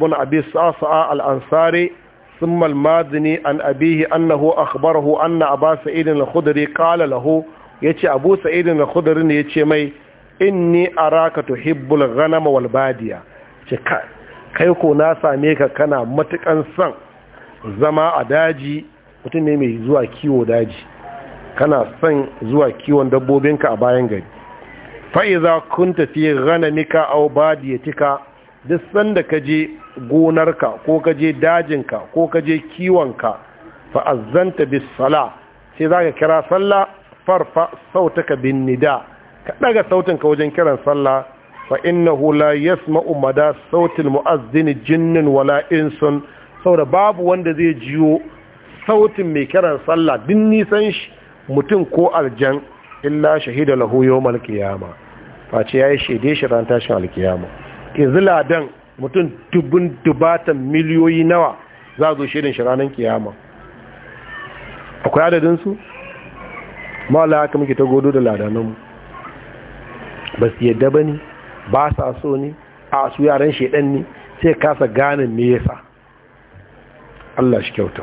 sa'a al'ansari ثم المازني عن أبيه أنه أخبره أن أبا سعيد الخدري قال له يتي أبو سعيد الخدري يتي مي إني أراك تحب الغنم والبادية kai ko na same ka kana matukan son zama a daji mutum mai zuwa kiwo daji kana son zuwa kiwon ka a bayan gari fa'iza kun tafi ghanamika aw badiyatika duk sanda ka je gonarka ko ka je dajinka ko ka je kiwonka fa azzanta bis sala sai zaka kira sallah farfa sautaka bin nida ka daga sautinka wajen kiran sallah fa innahu la yasma'u mada sautil mu'azzin jinnin wala insun saboda babu wanda zai jiyo sautin mai kiran sallah din nisan shi mutum ko aljan illa shahida lahu yawmal qiyama face yayi shede shi ran tashin alkiyama yanzu ladan mutum dubun dubatan miliyoyi nawa za a zo shirin shi ranar kiyama akwai adadinsu ma'ala haka muke ta godo da ladanunmu ba su yadda ba ne ba sa so ne a su yaran shaidan ne sai kasa ganin me yasa Allah shi kyauta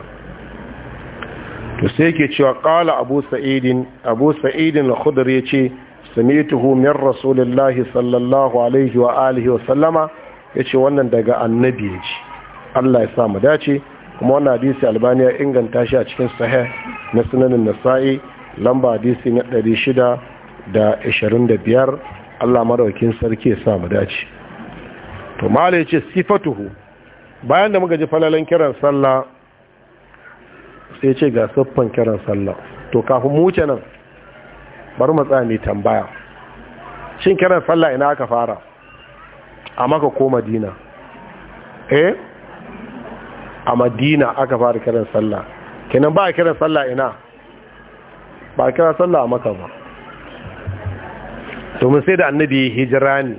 to sai ke cewa kala abu sa'idin abu sa'idin al-khudri yace samituhu min rasulillahi sallallahu alaihi wa alihi wa sallama yace wannan daga annabi Allah ya sa mu dace kuma wannan hadisi albani ya inganta shi a cikin sahih na sunanin nasa'i lamba hadisi na 625 Allah madaukin sarki ya sa mu dace to mala yace sifatuhu bayan da muka ji falalan kiran sallah sai ce ga siffan kiran sallah to kafin mu wuce nan bari mu tsaya mai tambaya shin kiran sallah ina aka fara a maka ko madina eh a madina aka fara kiran sallah kenan ba kiran sallah ina ba kiran sallah a maka ba domin sai da annabi hijira ne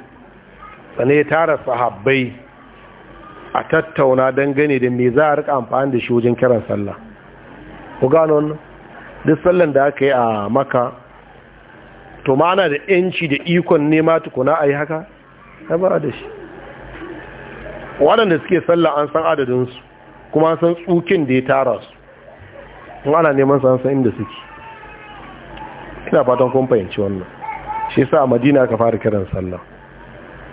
tsane ya tara sahabbai a tattauna dangane da me za a rika amfani da shi wajen kiran sallah ku gano duk sallan da aka yi a maka to ma da yanci da ikon nema tukuna a yi haka ya ba da shi waɗanda suke sallah an san adadinsu kuma an san tsukin da ya tara su in ana neman san san inda suke ina fatan kun fahimci wannan shi sa a madina ka fara kiran sallah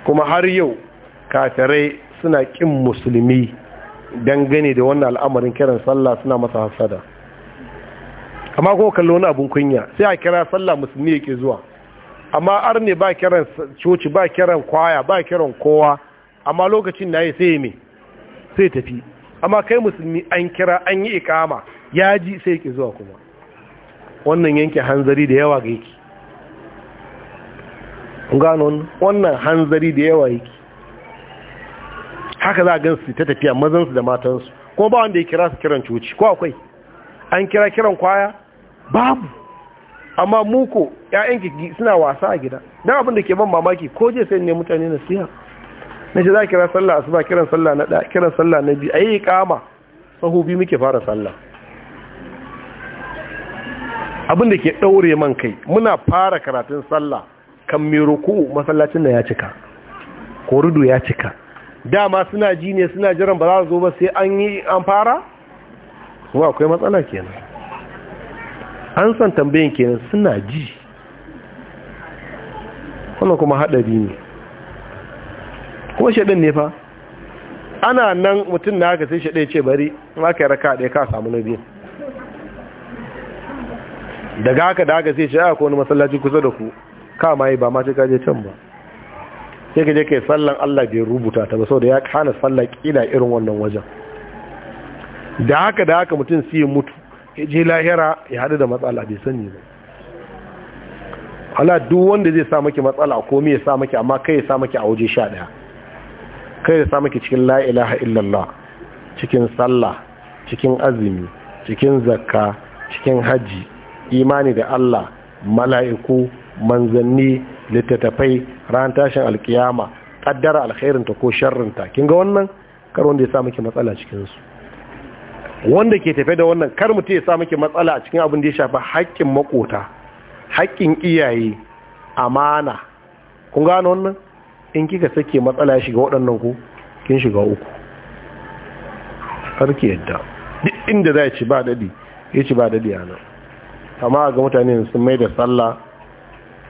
kuma har yau kafirai suna ƙin musulmi dangane da wannan al'amarin kiran sallah suna masa hasada amma ko kallo wani abun kunya sai a kira sallah musulmi yake zuwa amma ar ne ba kiran coci ba kiran kwaya ba kiran kowa amma lokacin na yi sai me sai tafi amma kai musulmi an kira an yi ikama ya ji sai yake zuwa kuma wannan yanke hanzari da yawa ga yake ganon wannan hanzari da yawa yake haka za a gan su ta tafiya mazansu da matansu ko ba wanda ya kira su kiran coci ko akwai an kira kiran kwaya babu amma muku ƴaƴanki suna wasa a gida dan abin da ke ban mamaki ko je sai ne mutane na siya na shi za kira sallah a asuba kiran sallah na ɗaya kiran sallah na biyu a yi kama biyu muke fara sallah abin da ke ɗaure man kai muna fara karatun sallah kan ko masallacin da ya cika korudu ya cika dama suna ji ne suna jiran ba za su zo ba sai an yi an fara kuma akwai matsala kenan an san tambayin kenan suna ji wannan kuma haɗari ne kuma shaɗin ne fa ana nan mutum na haka sai shaɗe ce bari ma ka yi raka ɗaya ka samu na biyan daga haka da haka sai shi ah, aka wani masallaci kusa da ku ka ma yi ba ma ce kaje can ba sai ka je ka yi sallan allah bai rubuta ta ba sau da ya kana sallan ƙila irin wannan wajen da haka da haka mutum sai mutu ya je lahira ya hadu da matsala bai sani ba ala duk wanda zai sa maki matsala ko me ya sa maki amma kai ya sa maki a waje sha ɗaya kai ya sa maki cikin lailaha illallah cikin sallah cikin azumi cikin zakka cikin hajji imani da Allah mala'iku manzanni littattafai ran tashin alkiyama ƙaddara alkhairinta ko sharrinta kin ga wannan kar wanda ya sa matsala cikinsu. wanda ke tafe da wannan kar mutum ya sa miki matsala a cikin abin da ya shafa haƙƙin makota haƙƙin iyaye amana kun gano wannan in kika sake matsala ya shiga waɗannan ku kin shiga uku harki yadda duk inda za ci ba daɗi ya ci ba daɗi a nan amma ga mutane sun mai da sallah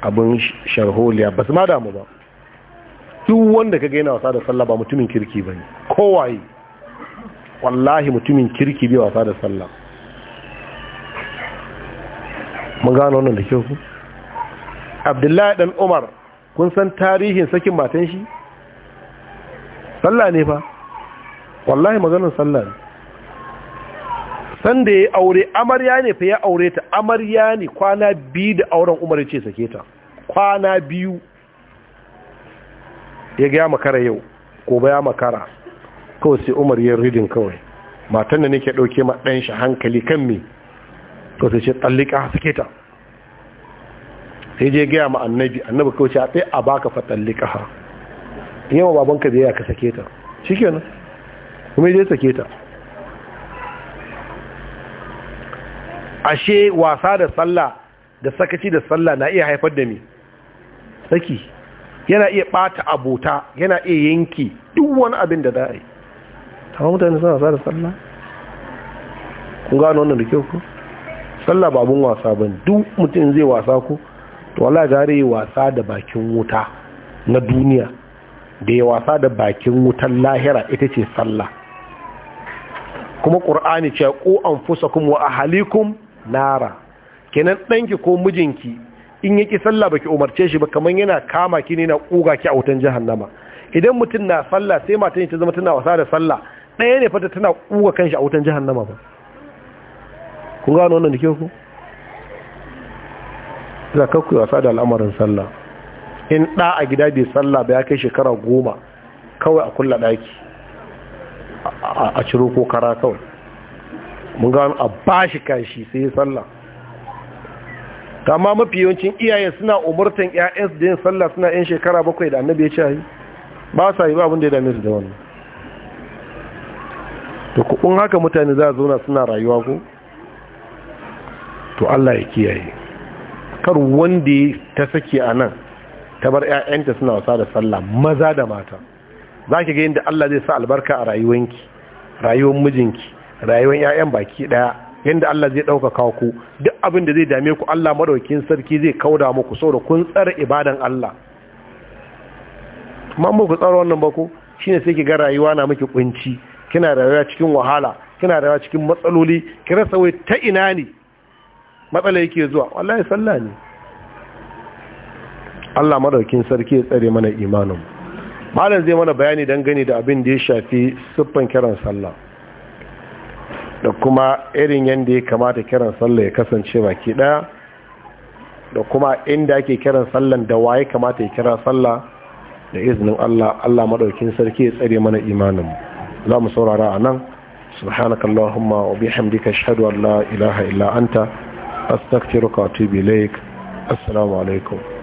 abin sharholiya ba su ma damu ba duk wanda ka gaina wasa da sallah ba mutumin kirki ba ne kowaye wallahi mutumin kirki bai wasa da sallah mun gano wannan da kyau ku abdullahi dan umar kun san tarihin sakin matan shi sallah ne fa wallahi maganar sallah ne sanda ya aure amarya ne fa ya aure ta amarya ne kwana biyu da auren umar ce sake ta kwana biyu ya ga makara yau ko baya makara kawai sai umar yin ridin kawai matan da nake ɗauke ma ɗan shi hankali kan me to sai ce tsallika suke ta sai je gaya ma annabi annabi kawai ce a tsaye a baka fa tsallika ha yawan babanka da ya ka sake ta shi kenan kuma zai je sake ta ashe wasa da sallah da sakaci da sallah na iya haifar da me saki yana iya bata abota yana iya yanki duk wani abin da za a yi amma mutane suna wasa da sallah kun gano wannan da kyau ku sallah ba abun wasa ba duk mutum zai wasa ku to wala gare yi wasa da bakin wuta na duniya da ya wasa da bakin wutan lahira ita ce sallah kuma ƙur'ani ce ku anfusakum wa ahalikum nara kenan ɗanki ko mijinki in yaki sallah baki umarce shi ba kamar yana kama ki ne na ƙuga ki a wutan jahannama idan mutum na sallah sai matan ta zama tana wasa da sallah ɗaya ne fata tana kuga kanshi a wutan Nama ba kun gano wannan da ke ku za ka ku wasa da al'amarin sallah in ɗa a gida bai sallah ba ya kai shekara goma kawai a kulla ɗaki a ciro ko kara kawai mun gano a bashi kashi sai sallah kama mafi yawancin iyaye suna umartan 'ya'yansu da yin sallah suna 'yan shekara bakwai da annabi ya ce ba sa yi ba abin da ya dame su da wannan to kun haka mutane za a zauna suna rayuwa ku? to Allah ya kiyaye kar wanda ta saki a nan ta bar 'ya'yanta suna wasa da sallah maza da mata zaki ga yanda Allah zai sa albarka a rayuwanki rayuwar mijinki rayuwar ƴaƴan baki ɗaya yadda Allah zai ɗaukaka ku duk abin da zai dame ku Allah madaukin sarki zai kauda muku saboda kun tsara ibadan Allah mamu ku tsara wannan ba ku shine sai ki ga rayuwa na miki kunci kina rayuwa cikin wahala kina rayuwa cikin matsaloli kira wai ta ina ne matsala yake zuwa wallahi sallah ne Allah madaukin sarki ya tsare mana imanin malam zai mana bayani gani da abin da ya shafi siffan kiran sallah da kuma irin yadda ya kamata kiran sallah ya kasance baki daya da kuma inda ake kiran sallan da waye kamata ya kira sallah da izinin Allah Allah madaukin sarki ya tsare mana imanin mu za mu saurara a nan subhanaka Allahumma wa bihamdika ashhadu an la ilaha illa anta astaghfiruka wa atubu ilaik assalamu alaikum